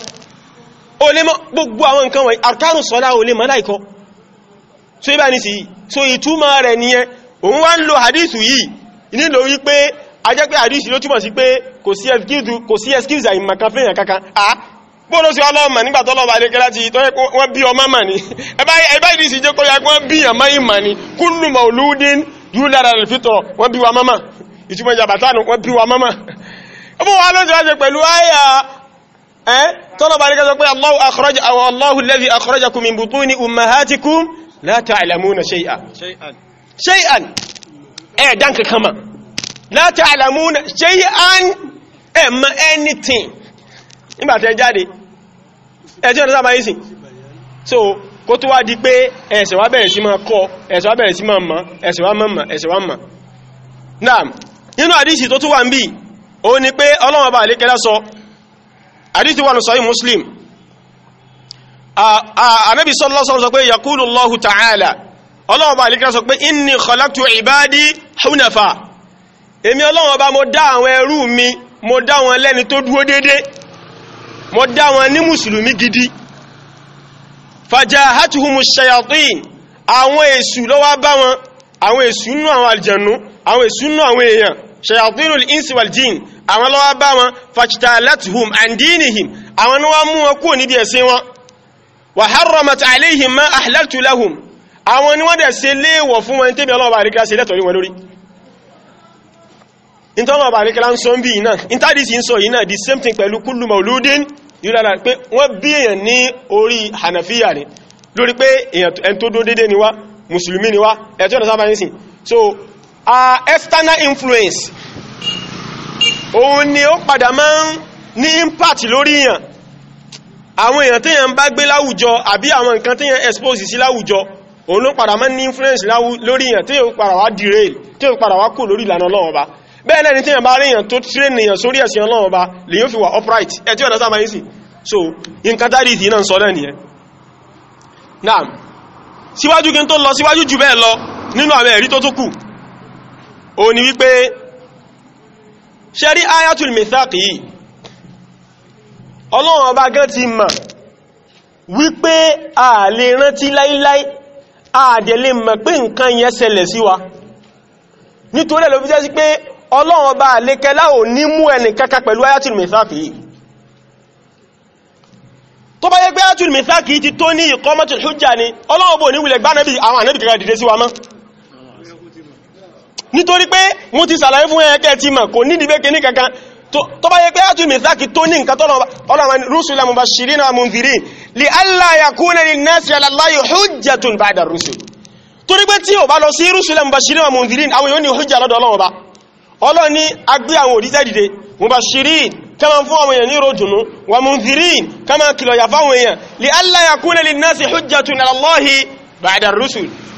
ó lè mọ́ gbogbo àwọn nǹkan wọ̀nyí arkanu sọ́lá ó lè mọ́ láìkọ́ so ibá ní sí so ìtumọ̀ rẹ̀ nìyẹn òun wá ń lo hadith yìí nílò wípé ajẹ́ pé hadith ló túmọ̀ sí pé kò sí excuse àìmọ̀kan fẹ́yàn kankan ah bóòrò sí ọlọ́mà nígbàtọ́ lọ́wọ́ adékẹ́ láti tọ́ wọ́n bí ọmọ mà ní ẹbá ìdí sí jẹ́ kó yá wọ́n bí àmá ìmà ní kullu mauludin yulada al-fitra wọ́n bí wa mama ìtumọ̀ ìjàbátánù wọ́n bí wa mama ọmọ wa lọ́nà ṣe pẹ̀lú àyà ẹ́ tọ́lọ̀ bá nígbà sọ pé Allahu akhraja àwọn Allahu alladhi akhrajakum min butuni ummahatikum la ta'lamuna shay'an shay'an ẹ̀ dán kankan ma la ta'lamuna shay'an ẹ̀ ma anything nígbà tẹ́ jáde ẹ̀ tí wọ́n sábà yìí sí so kó tó wá di pé ẹ̀sẹ̀ wá bẹ̀rẹ̀ sí máa kọ́ ẹ̀sẹ̀ wá bẹ̀rẹ̀ sí máa mọ̀ ẹ̀sẹ̀ wá mọ̀ ẹ̀sẹ̀ wá mọ̀ náà nínú àdíṣì tó tún wà ń bíi ó ní pé Ọlọ́run bá àlékẹ́lá sọ àdíti wà ní sọ́yí muslim ànábì sọ́lọ́sọ́ sọ pé yakulu Allahu ta'ala Ọlọ́run bá àlékẹ́lá sọ pé inni khalaqtu ibadi hunafa èmi Ọlọ́run bá mo dá àwọn ẹrú mi mo dá wọn lẹ́ni tó dúó dédé mo dá wọn ní mùsùlùmí gidi fajahatuhumu shayatin àwọn èṣù ló bá wọn àwọn èṣù nú àwọn àlìjànú àwọn èṣù nú àwọn èèyàn shayatinul insi wal àwọn lọ́wọ́ bá wọn fàṣítà látìhùm àndínihìm àwọn ni wọ́n mú wọn kúrò níbi ẹ̀sìn wọn wà hárọ̀mọ̀tà àléhìm má àhàlẹ́tùláhùm àwọn ni wọ́n dẹ̀ ṣe léèwọ̀ fún wọn tẹ́bí ọlọ́ọ̀bà àríkà sí ń orí hanafiya ni lórí pé èèyàn tó dún dédé ni wá mùsùlùmí ẹ̀tọ́ ìdọ̀sábà ní sìn so external influence òun ni ó padà máa ń ní impact lórí èèyàn àwọn èèyàn téèyàn ń bá gbé láwùjọ àbí àwọn nǹkan téèyàn expose sí láwùjọ òun ló padà máa ń ní influence lórí èèyàn téèyàn padà wá derail téèyàn padà wá kù lórí ìlànà Ọlọ́run Ọba bẹ́ẹ̀ lẹ́ni téèyàn bá rí èèyàn tó train èèyàn sórí ẹ̀sìn Ọlọ́run Ọba lèyàn fi wà upright ẹ̀ tí ọ̀dá sábà yìí sì so nǹkan tádìí tí náà sọ náà nìyẹn náà síwájú kí n tó lọ síwájú jù bẹ́ẹ̀ lọ nínú àwọn ẹ̀rí tó tó kù òun ni wípé ṣe rí ayatul mithaq yìí ọlọ́run ọba gan ti mọ̀ wípé a lè rántí láíláí a dẹ̀ lè mọ̀ pé nǹkan yẹn ṣẹlẹ̀ sí wa nítorí ẹ̀lọ́bí jẹ́ sí pé ọlọ́run ọba àlékẹ́lá ò ní mú ẹnì kankan pẹ̀lú ayatul mithaq yìí tó bá yẹ pé ayatul mithaq yìí ti tó ní iqamatul hujja ni ọlọ́run ọba ò ní wulẹ̀ gbánẹ́bì àwọn ànẹ́bì kankan dìde sí wa nítorí pé mo ti sàlàyé fún ẹ̀kẹ́ ti mọ̀ kò ní ìdíbé kìíní kankan tó bá yẹ pé àtún mìsáàkì tó ní nǹkan tọ́lọ̀wọ̀n rúsùlá mubashirina wa mundhirin li alla yakuna linnasi ala Allahi hujjatun ba'da rúsùl torí pé tí ò bá lọ sí rúsùlá wa mundhirin àwọn yóò ní hujja lọ́dọ̀ Ọlọ́run Ọba Ọlọ́run ní agbé àwọn òdíṣẹ́ dìde mubashirin kama fún wa mundhirin kama kìlọ̀ yà fáwọn li alla yakuna linnasi hujjatun ala Allahi ba'da rúsùl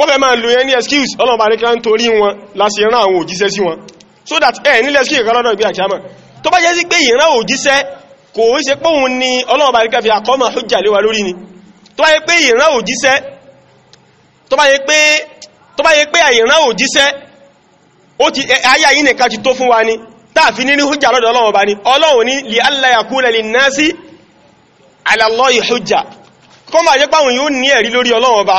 wọ́n fẹ́ máa lò yẹn ní excuse ọlọ́ọ̀bá rẹ̀kílá ń torí wọn láti rán àwọn òjíṣẹ́ sí wọn so that ẹ̀ nílẹ̀ sí ìkọlọ́dọ̀ ìgbé àkíyàmọ̀ tó bá jẹ́ sí pé ìran òjíṣẹ́ kò ń ṣe pòun ni ọlọ́ọ̀bá rẹ̀kílá fi àkọ́mọ̀ hujja lé wa ni tó bá yẹ pé ìran òjíṣẹ́ tó bá yẹ pé tó bá yẹ pé ìran òjíṣẹ́ ti ayé yìí nìkan ti ni táàfin ní hujja lọ́dọ̀ ọlọ́wọ̀n bá ni ọlọ́wọ̀n ni li alla ala Allahi hujja kọ́mọ̀ àjẹ́pàwọn yóò ní ẹ̀rí lórí ọlọ́wọ̀n bá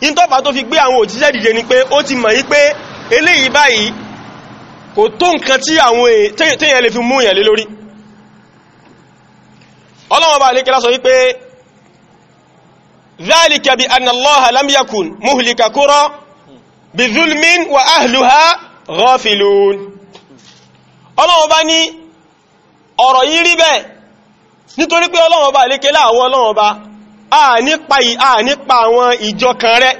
ìntọ́fà tó fi gbé àwọn òjíṣẹ́ dìde ni pé ó ti mọ̀ yí pé eléyìí báyìí kò tó nǹkan tí àwọn èèyàn lè fi mú èèyàn lé lórí ọlọ́wọ́n bá lékẹ́lá sọ wípé dhalika bi anna Allaha lam muhlika qura bi zulmin wa ahluha ghafilun ọlọ́wọ́n bá ní ọ̀rọ̀ yìí rí bẹ́ẹ̀ nítorí pé ọlọ́wọ́n bá lékẹ́lá a nípa àwọn ìjọ kan rẹ̀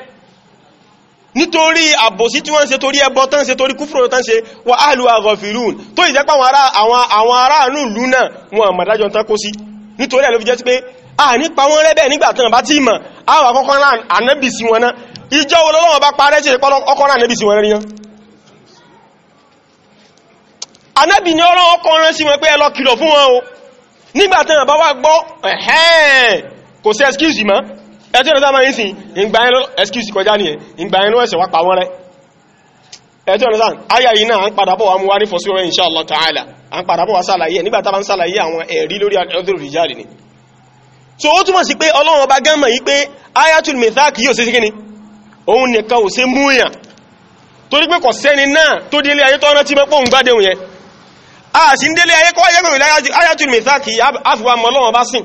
nítorí àbòsí tí wọ́n ń ṣe torí ẹbọ tán ṣe torí kúfúrò tán ṣe wà áàlù àgọ̀fìrún tó ìjẹ́pá àwọn aráàlú ìlú náà wọn àmàdájọ́ tán kó sí nítorí ẹ̀lú fi jẹ́ sí pé a nípa wọn rẹ́bẹ̀ nígbàtán bá tí mọ̀ àwọn akọ́kọ́ náà ànábì sí wọn náà ìjọ olóòwọ̀n bá parẹ́ sí ọkọ̀ náà ànábì sí wọn ríyán ànábì ni ọlọ́ọ̀kọ́ rán sí wọn pé ẹ lọ kìlọ̀ fún wọn o kò sí excuse mọ́ ẹjẹ́ ìrọ̀tá máa ń sin ìgbà excuse kọjá ní ẹ̀ ìgbà ẹ̀rọ ẹ̀sẹ̀ wá pa wọ́n rẹ̀ ẹjẹ́ ìrọ̀tá ayà yìí náà ń padà bọ̀ wá mú wá ní fọ́síwọ́rẹ́ insha Allah ta'ala ni so ó túmọ̀ sí pé ọlọ́run ọba gẹ́mọ̀ yìí pé ayatul mithaq yóò sí sí kíni òun nìkan ò sí múyàn torí pé kò sẹ́ni náà tó délé ayé tọ́rọ tí mẹ́pọ̀ ń gbádẹ̀hùn yẹn ayé kọ́ ayé pẹ̀lú ayatul mithaq yìí àfiwá mọ́ sìn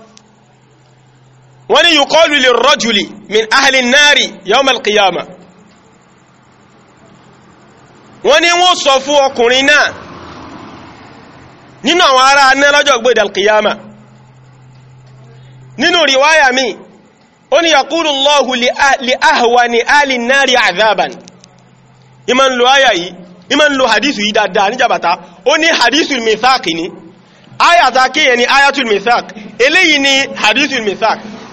wọ́n ni yuqalu lirrajuli min ahli nari yawm al-qiyama wọ́n ni wọ́n sọ fún ọkùnrin náà nínú àwọn ará aná lọ́jọ́ gbẹ̀dẹ̀ al-qiyama nínú riwaya mi ó ni yaqulu Allahu li ahwani ahli nari adhaban ìmọ̀ lo àyà yìí ìmọ̀ ń lo hadithu yìí dáadáa níjàbàtá ó ní hadithul mithaq ni ayatakíyẹ ni ayatul mithaq eléyìí ni hadithul mithaq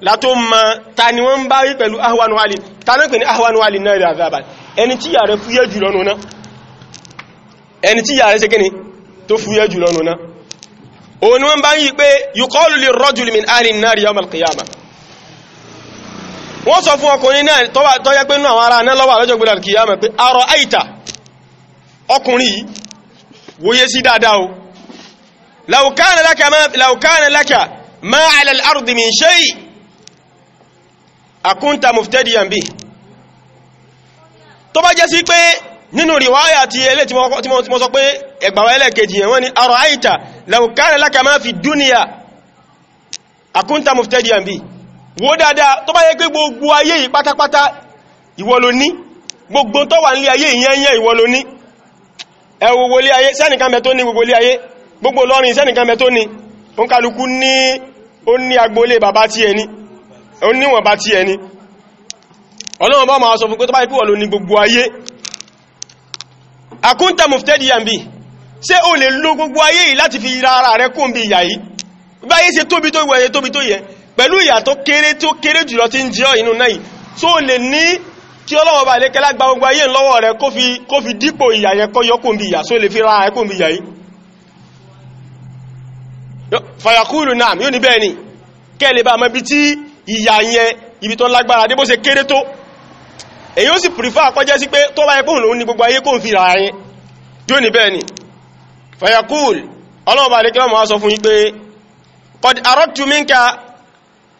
látó ma ta ni wọ́n bá rí pẹ̀lú ahwan wali ta náà pè ní ahwan wali náà rí àzábà ẹni tí yà rẹ̀ fúyẹ́ jù lọ́nà náà ẹni tí yà rẹ̀ ṣekíní tó fúyẹ́ jù lọ́nà náà òun wọ́n bá yí pé yuqalu lirrajuli min ahli an-nari yawm al-qiyamah wọ́n sọ fún ọkùnrin náà tó yẹ ma ala al-ardi min shay' àkúntà muftadiyan bí tó bá jẹ́ sí pé nínú riwaya ti ele tí mo sọ pé ẹgbàwà ẹlẹ́kejì yẹn wọ́n ni arọ̀ àìta lẹ́wùkárẹ̀ láka máa fi dúnìyà àkúntà muftadiyan bí wo dáadáa tó bá yẹ pé gbogbo ayé yìí pátápátá ìwọ ló ní gbogbo tó wà nílé ayé ìyẹnyẹ ìwọ ló ní ẹwọ oníwọ̀n bá tí ẹni ọlọ́wọ̀n bá máa sọ fún pé tó bá ipú ọlọ́ ní gbogbo ayé àkúntà mọ̀fẹ́dì yàmbì ṣé o lè lo gbogbo ayé yìí láti fi ra ara rẹ kún bí ìyà yìí bí ayé ṣe tóbi tó wẹ̀yẹ tóbi tó yẹ pẹ̀lú ìyà tó kéré tó kéré jùlọ tí ń jẹ́ ọ inú náà yìí tó lè ní kí ọlọ́wọ̀n bá lékẹ́lá gba gbogbo ayé lọ́wọ́ rẹ kó fi dípò ìyà yẹn kọ́ yọkùn bí ìyà só lè fi ra ara rẹ kún bí ìyà yìí fàyàkúrù náà yóò ní bẹ́ẹ̀ ni kẹ́lẹ̀ bá mọ́ bí tí ìyà yẹn ibi tó lágbára dé bó ṣe kéré tó èyí ó sì prefer kọjẹ́ sí pé tó bá ẹkùn lòun ní gbogbo ayé kò ń fi ra yẹn yóò ní bẹ́ẹ̀ ni fayakul ọlọ́ọ̀bà àdékẹ́ ọmọ sọ fún yín pé qad aradtu minka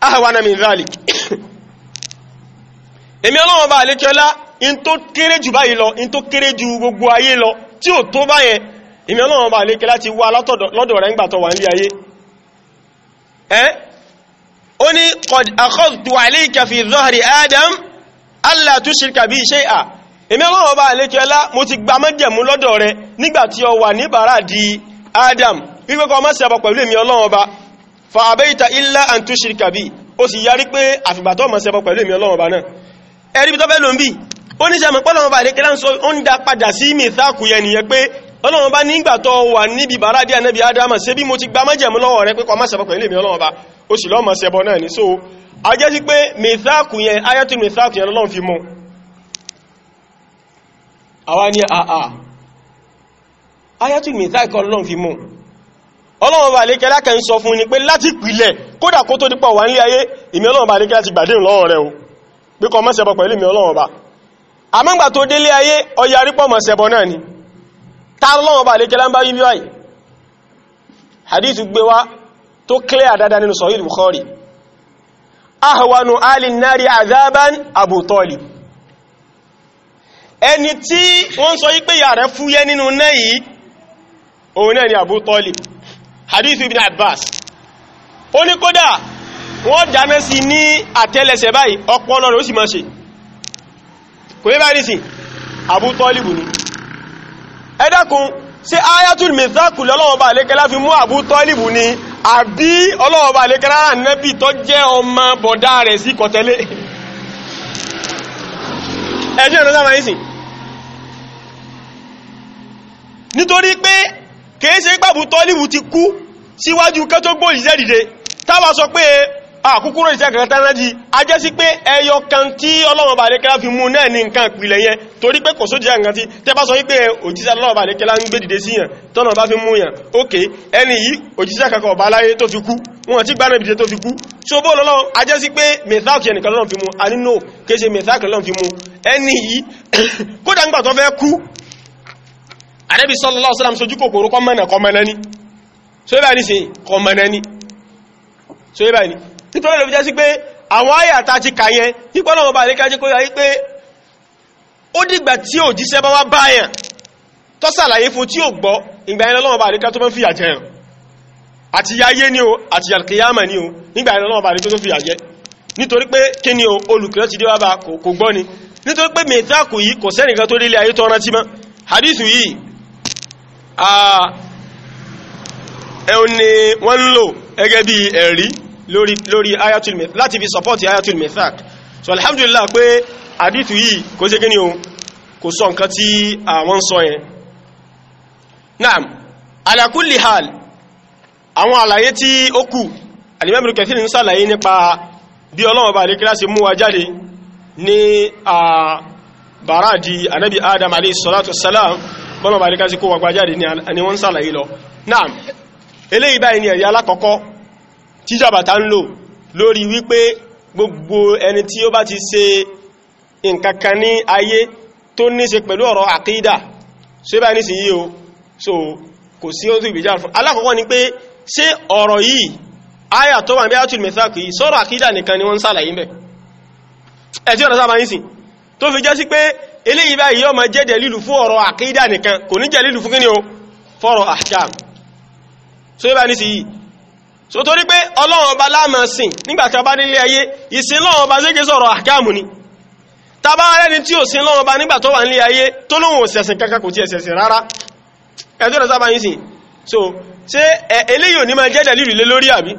ahwana min dhalik èmi ọlọ́ọ̀bà àdékẹ́ ọlá in tó kéré jù báyìí lọ in tó kéré jù gbogbo ayé lọ tí ò tó báyẹn ó ní qad akhadtu alayka fi dhahri adam alla tushrika bi shay'a èmi ọlọ́run ọba àlékẹ́lá mo ti gba mọ́jẹ̀mú lọ́dọ̀ rẹ nígbàtí ọ wà níbàárà di adam wípé kọ mọ́ sí ọba pẹ̀lú èmi ọlọ́run ọba fa abayta illa an tushrika bi ó sì yarí pé àfìgbàtọ́ mọ́ sí ọba pẹ̀lú èmi ọlọ́run ọba ọlọ́run bá nígbà tó wà níbi bàrádìí ànábì adama ṣe bí mo ti gbá májẹ̀mú lọ́wọ́ rẹ pé kó pẹ̀lú èmi ọlọ́run bá ó sì lọ́mọ ṣẹbọ náà ní so a jẹ́ sí pé mẹ́tàkù yẹn ayatul mẹ́tàkù yẹn lọ́lọ́run fi mú àwa ní àà ayatul mẹ́tàkù ọlọ́run fi mú ọlọ́run bá lékẹ́ lákẹ́ ń sọ fún ni pé láti pìlẹ̀ kódà kó tó dípọ̀ wà tààlọ́wọ́ bá lékẹ́lá ń bá yí bíwáyì hadithu gbé wá tó clear dáadáa nínú sahih bukhari ahwanu alin nari azaban abu talib ẹni tí wọ́n sọ yí pé yà rẹ̀ fúyẹ́ nínú náà òun náà ni abu talib hadithu ibn abbas ó ní kódà wọ́n dáná sí ní àtẹ́lẹsẹ̀ báyìí ọpọlọ rẹ̀ ó abu talib ẹ dákun ṣé ayatul mithaqul Ọlọ́run bá lékẹ́lá fi mú Abu Tọ́líbù ni àbí Ọlọ́run bá lékẹ́lá nẹ́bì tó jẹ́ ọmọ bọ̀dá rẹ̀ sí kọ̀tẹ́lé ẹjọ́ ìrọ̀ sáwọn ìsìn nítorí pé kèése pé Abu Tọ́líbù ti kú síwájú kẹ́ tó gbóòjì sẹ́dìde táwa sọ pé àkúkúrò ìṣẹ́ kankan tán rájí a jẹ́ sí pé ẹyọ kan tí Ọlọ́run bá lékẹ́lá fi mú náà ní nǹkan ìpìlẹ̀ yẹn torí pé kò sójì nǹkan tí tẹ́ bá sọ wípé òjíṣẹ́ Ọlọ́run bá lékẹ́lá ń gbé dìde sí yàn tọ́nà bá fi mú yàn ok ẹni yìí òjíṣẹ́ kankan ọba aláyé tó fi kú wọn ti gbára ìbìdẹ̀ tó fi kú tí ó bó lọ́lọ́run a jẹ́ sí pé mẹ́tàkì ẹnìkan lọ́run fi mú a kéṣe mẹ́tàkì lọ́run fi mú ẹni yìí kódà ńgbà tó fẹ́ kú Ànábì sallallahu alaihi sojú kòkòrò kọ́mọ̀nà kọ́mọ̀nà ni so ibà ní sí kọ́mọ̀nà ni so ibà ní nítorí ló fi jẹ́ sí pé àwọn àyà tá ti kà yẹn nípa náà wọ́n bá lè kájí kó yà yí pé ó dìgbà tí òjíṣẹ́ bá wá báyàn tó sàlàyé fún tí ò gbọ́ ìgbà yẹn lọ́wọ́ bá tó máa fìyà jẹun àti yáyé ni o àti yàlkìyàmà ni o nígbà yẹn lọ́wọ́ bá tó fìyà jẹ nítorí pé kí ni o olùkìlọ́ ti dé wá bá kò gbọ́ ni nítorí pé mẹ́tàkù yìí kò sẹ́nìkan hadithu yìí ẹ̀hún ni wọ́n ń lò gẹ́gẹ́ bí ẹ̀rí lórí lórí ayatul mithaq láti fi support ayatul mithaq so alhamdulillah pé àdìtù yìí kò ṣe kíni o kò sọ nǹkan tí àwọn sọ yẹn naam ala hal àwọn àlàyé tí ó kù alimẹ́bìnrin kẹfì ń sàlàyé nípa bí ọlọ́wọ́ bá lékílá sí mú wa jáde ní bàrá di anábi adam alayhi salatu salam bọ́nà bá lékílá sí kó wà gbá jáde ni wọ́n sàlàyé lọ naam eléyìí báyìí ni ẹ̀yà alákọ̀ọ́kọ́ tí jàbàtà ń lò lórí wípé gbogbo ẹni tí ó bá ti ṣe nkankan ní ayé tó ní ṣe pẹ̀lú ọ̀rọ̀ àkídà ṣe bá ní sí yí o so kò sí ó tún ìbìjà fún alákọ̀ọ́kọ́ ni pé ṣé ọ̀rọ̀ yìí ayà tó wà ní ayatul mithaq yìí sọ́rọ̀ àkídà nìkan ni wọ́n ń sàlàyé so torí pé ọlọ́run ọba láàmà sìn nígbàtà nílé ayé ìsìn lọ́run ọba zége sọ̀rọ̀ àgáàmù ni tàbá rẹni tí ò sin lọ́run ọba nígbà tó wà nílé ayé tó lóhun òsẹ̀sìn kankan kò tí ẹ̀sẹ̀sìn rárá ẹjọ́ rẹ̀ yìí sìn so ṣé eléyìí ò ní máa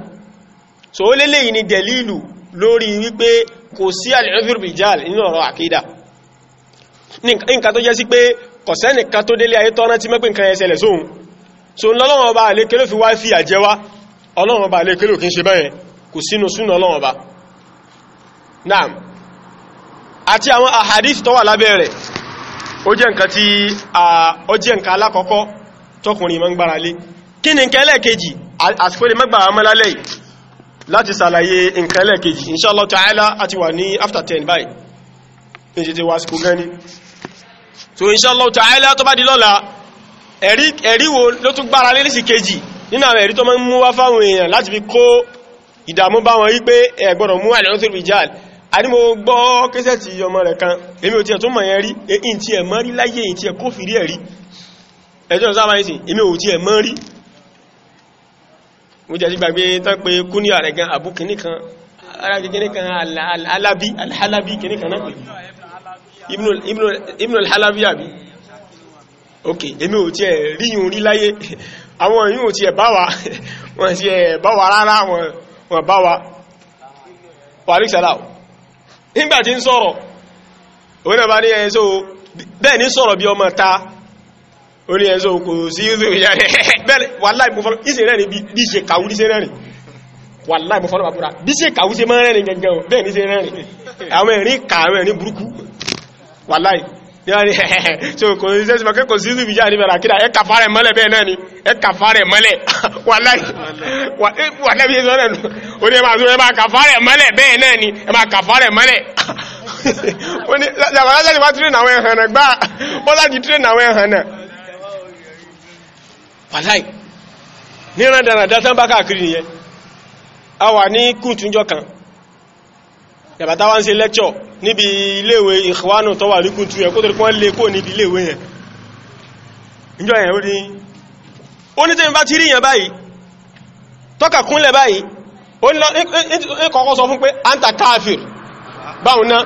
so ó léléyìí ni dẹ̀lílù lórí wípé kò sí al-udhr bil-jahl nínú ọ̀rọ̀ àkídà nǹkan tó jẹ́ sí pé kọ̀sẹ́nìkan so ńlọ́lọ́wọ́ ọba àlékelófi wá fi àjẹwá ọlọ́run ọba ilé kílò kí ń ṣe bẹ́yẹn kò sínú súnà ọlọ́run ọba naam àti àwọn ahadith tó wà lábẹ́ rẹ̀ ó jẹ́ nǹkan tí ó jẹ́ nǹkan alákọ̀ọ́kọ́ tọkùnrin ma ń gbára lé kí ni nǹkan ẹlẹ́ẹ̀kejì àsìkò lè mẹ́gbà amọ́lálẹ̀ láti sàlàyé nǹkan ẹlẹ́ẹ̀kejì inshallah ta'ala àti wà ní after 10 báyìí ní ṣe so inshallah ta'ala tó bá di lọ́la ẹ̀rí wo ló tún gbára lé nínú àwọn ẹ̀rí tó máa ń mú wá fáwọn èèyàn láti fi kó ìdààmú bá wọn wípé ẹ gbọ́dọ̀ mú àlẹ́ọ́sẹ̀rù ìjáàl àdímò gbọ́ kéṣẹ́ ti ọmọ rẹ̀ kan èmi ò tí ẹ̀ tó mọ̀ yẹn èyí e, tí ẹ̀ mọ́ rí láyé èyí tí ẹ̀ kó fìrí rí mo kan ara gẹ́gẹ́ kan alhalabi kìíní kan náà ibn al-halabi abi ok èmi ò tí ẹ̀ ríyìn orí láyé àwọn èyí ò tí ẹ̀ bá wa wọ́n tí ẹ̀ bá wa rárá wọ́n bá wa wàrísàlá nígbàtí ń sọ̀rọ̀ òun ní ẹ̀ bẹ́ẹ̀ ní sọ̀rọ̀ bí ọmọ ta ó ní ẹ̀ so kò sí wàláì mo fọ́lọ́ ìṣe rẹ̀ ní bí ṣe kàwú ní ṣe rẹ̀ rìn wàláì mo fọ́lọ́ bàbúrà bí ṣe kàwú ṣe yàrí so kò ṣe ṣe pàkẹ́ kò sí ìlú ìjà níbẹ̀rẹ̀ àkídà ẹ kàfà rẹ̀ mọ́lẹ̀ bẹ́ẹ̀ náà ni ẹ kàfà rẹ̀ mọ́lẹ̀ wàláhì wàlẹ́bí ẹ̀sọ́ rẹ̀ ó ní ẹ máa ẹ máa kàfà rẹ̀ mọ́lẹ̀ bẹ́ẹ̀ náà ni ẹ máa kàfà rẹ̀ mọ́lẹ̀ ó ní làbàlájà ni wọ́n tírè náà ẹ̀hàn náà gbá wọ́n láti tírè náà ẹ̀hàn náà wàláhì ní ràndàrà dátán bá káàkiri nìyẹn a wà ní kùtùnjọ kan yàbàtà wá ń ṣe lẹ́kṣọ̀ níbi iléèwé ìkwánù tó wà ríkún tú ẹkó torí kán lè kó níbi iléèwé yẹn ìjọ yẹn rí ó ní tẹ́mi bá ti rí yẹn báyìí tọ́kà kúnlẹ̀ báyìí ó ní kọ́kọ́ sọ fún pé anta káàfir báhùn náà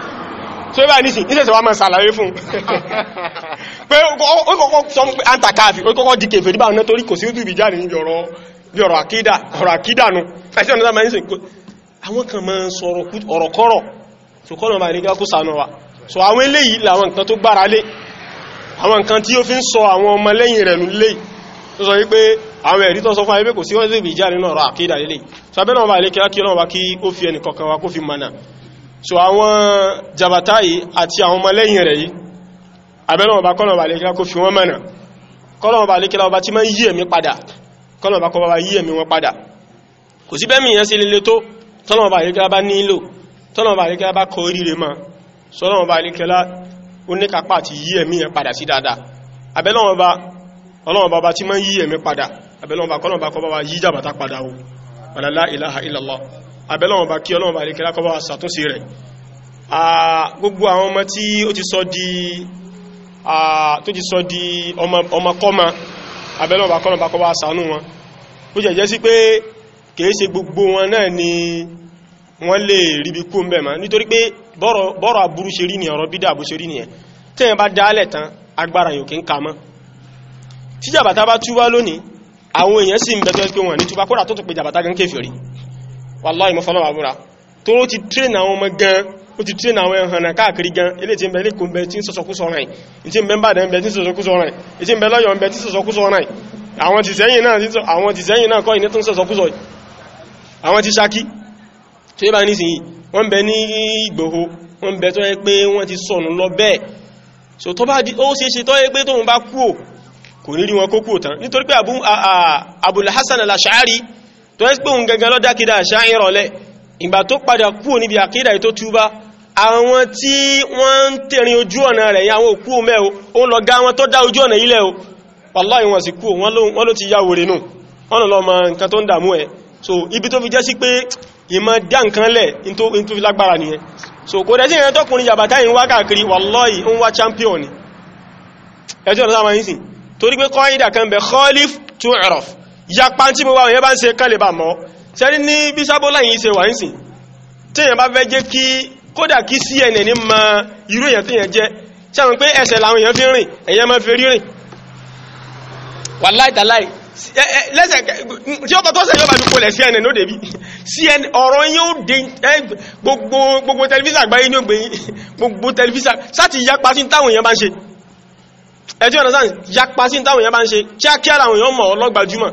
tó bá ní sí ìṣẹ̀ṣẹ̀ wá máa sàlàyé fún pé ó kọ́kọ́ sọ fún pé anta káàfir ó kọ́kọ́ di kèfèrí báhùn náà torí kò sí ìdúbì jáde ní ọ̀rọ̀ àkídà nù àwọn kan máa ń sọ̀rọ̀ ọ̀rọ̀kọ́rọ̀ so kọ́nà bá ìrìnkà kú sànú wa so àwọn eléyìí làwọn nǹkan tó gbára lé àwọn nǹkan tí ó fi ń sọ àwọn ọmọ lẹ́yìn rẹ̀ nù léyìí tó sọ wípé àwọn ẹ̀rí tó sọ fún ayébé kò sí wọ́n zèbì ìjà nínú ọ̀rọ̀ àkídà lélẹ̀ so abẹ́ náà bá ilé kíra kí ọlọ́run bá kí ó fi ẹnì kọ̀ọ̀kan wa kó fi mọ̀nà so àwọn jabata tọ́lọ̀mọ̀bá alékẹ́lá bá kọ oríire ma sọ́lọ̀mọ̀bá alékẹ́lá ó ní kápá àti yí ẹ̀mí yẹn padà sí dáadáa abẹ́lọ́mọ̀bá ọlọ́mọ̀bá bá tí mọ́ yí ẹ̀mí padà abẹ́lọ́mọ̀bá kọ́lọ̀mọ̀bá kọ́ bá wa yí jàbàtà padà o la ilaha illallah abẹ́lọ́mọ̀bá kí ọlọ́mọ̀bá alékẹ́lá kọ́ bá wa ṣàtúnṣe rẹ̀ gbogbo àwọn ọmọ tí ó ti kọ́ wa ṣàánú wọn ó jẹ́ jẹ́ kìí ṣe gbogbo wọn náà ni wọ́n lè ríbi kú ń bẹ̀ ma nítorí pé bọ́rọ̀ aburú ṣe rí ni ọ̀rọ̀ bídà bó ṣe rí ni ẹ̀ tẹ́yìn bá dálẹ̀ tán agbára yòókè ń ka mọ́ tí jàbàtà bá túbá lónìí àwọn èèyàn sì ń bẹ̀tọ́ pé wọ́n ní túbá kódà tó tó pé jàbàtà gan kéfèrí wàláhì mo fọ́lọ́wà búra tó ó ti tírẹ̀nà àwọn ọmọ gan ó ti tírẹ̀nà àwọn ẹ̀hànà káàkiri gan ilé tí ń bẹ lẹ́kùn náà kọ́ ìní tó ń sọ̀sọ̀kúsọ àwọn ti ṣakí tó yíba nísìnyí wọ́n bẹ ní ìgbòho wọ́n bẹ tó yẹ pé wọ́n ti sọnù lọ bẹ́ẹ̀ so tó bá ó ṣe ṣe tó yẹ pé tóun bá kúò kò ní rí wọn kó kúò tán nítorí pé Abul Hasan al-Ash'ari tó yẹ pé òun gangan lọ dákídà Ash'ari lẹ̀ ìgbà tó padà kúò níbi àkídà ètò túbá àwọn tí wọ́n ń tẹ̀rin ojú ọ̀nà rẹ̀ yà wọ́n kúò mẹ́ o ó ń lọ gá wọn tó dá ojú ọ̀nà ilẹ̀ o wàláhí wọn sì kúò wọ́n ló ti yá wòrè wọ́n lọ mọ nǹkan tó ń dààmú ẹ̀ so ibi tó fi jẹ́ sí pé ìmọ̀ dá nǹkan lẹ̀ in tó fi lágbára nìyẹn so kò dẹ̀ sí ìrìn tọ́kùnrin yàbàtá ìrìn wá káàkiri wallahi ń wá champion ni ẹjọ́ ọ̀nà sáwọn yìí torí pé kọ́ìdà kan bẹ khalif tu'raf yapa tí mo wá òyìn bá ń ṣe kálẹ̀ bá mọ́ sẹ́ni ní bí sábọ́lá yìí ṣe wà ń sìn tí èèyàn bá fẹ́ jẹ́ kí kódà kí CNN mọ irú èèyàn Eh, eh, lẹ́sẹ̀ eh, tí ó tọ́tọ́ sẹ́yọ́ bá dúkò lẹ̀ CNN ló débí CNN ọ̀rọ̀ yóò dé gbogbo tẹlifísà àgbáyé ní ògbé gbogbo tẹlifísà sáti yapa sí táwọn èèyàn bá ń ṣe ẹjọ́ ọ̀nàsán yapa sí táwọn èèyàn bá ń ṣe kíákíá àwọn èèyàn mọ̀ ọlọ́gbàjúmọ̀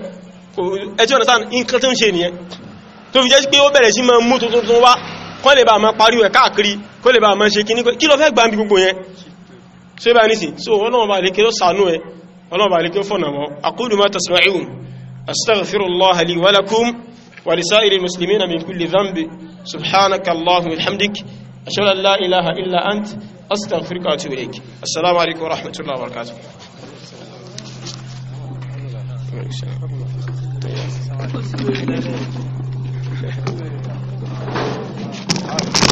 ẹjọ́ ọ̀nàsán nǹkan tó ń ṣe nìyẹn tó fi jẹ́ pé ó bẹ̀rẹ̀ sí mọ́ mú tuntun wá kọ́ lè bá mọ́ pariwo ẹ̀ káàkiri kó lè bá mọ́ ṣe kíní kí lọ fẹ́ gbàmbi gbogbo yẹn ṣé bá ní sí so ọlọ́run bá lè kí ló sànú ẹ ọlọ́ba alikẹ́ fọ́nà wọn aqulu ma tasma'un astaghfirullah li wa lakum wa lisa'iri muslimina min kulli dhanbi subhanaka allahumma wa bihamdik ashhadu an la ilaha illa ant astaghfiruka wa atubu ilayk assalamu alaykum wa rahmatullahi wa barakatuh Thank you.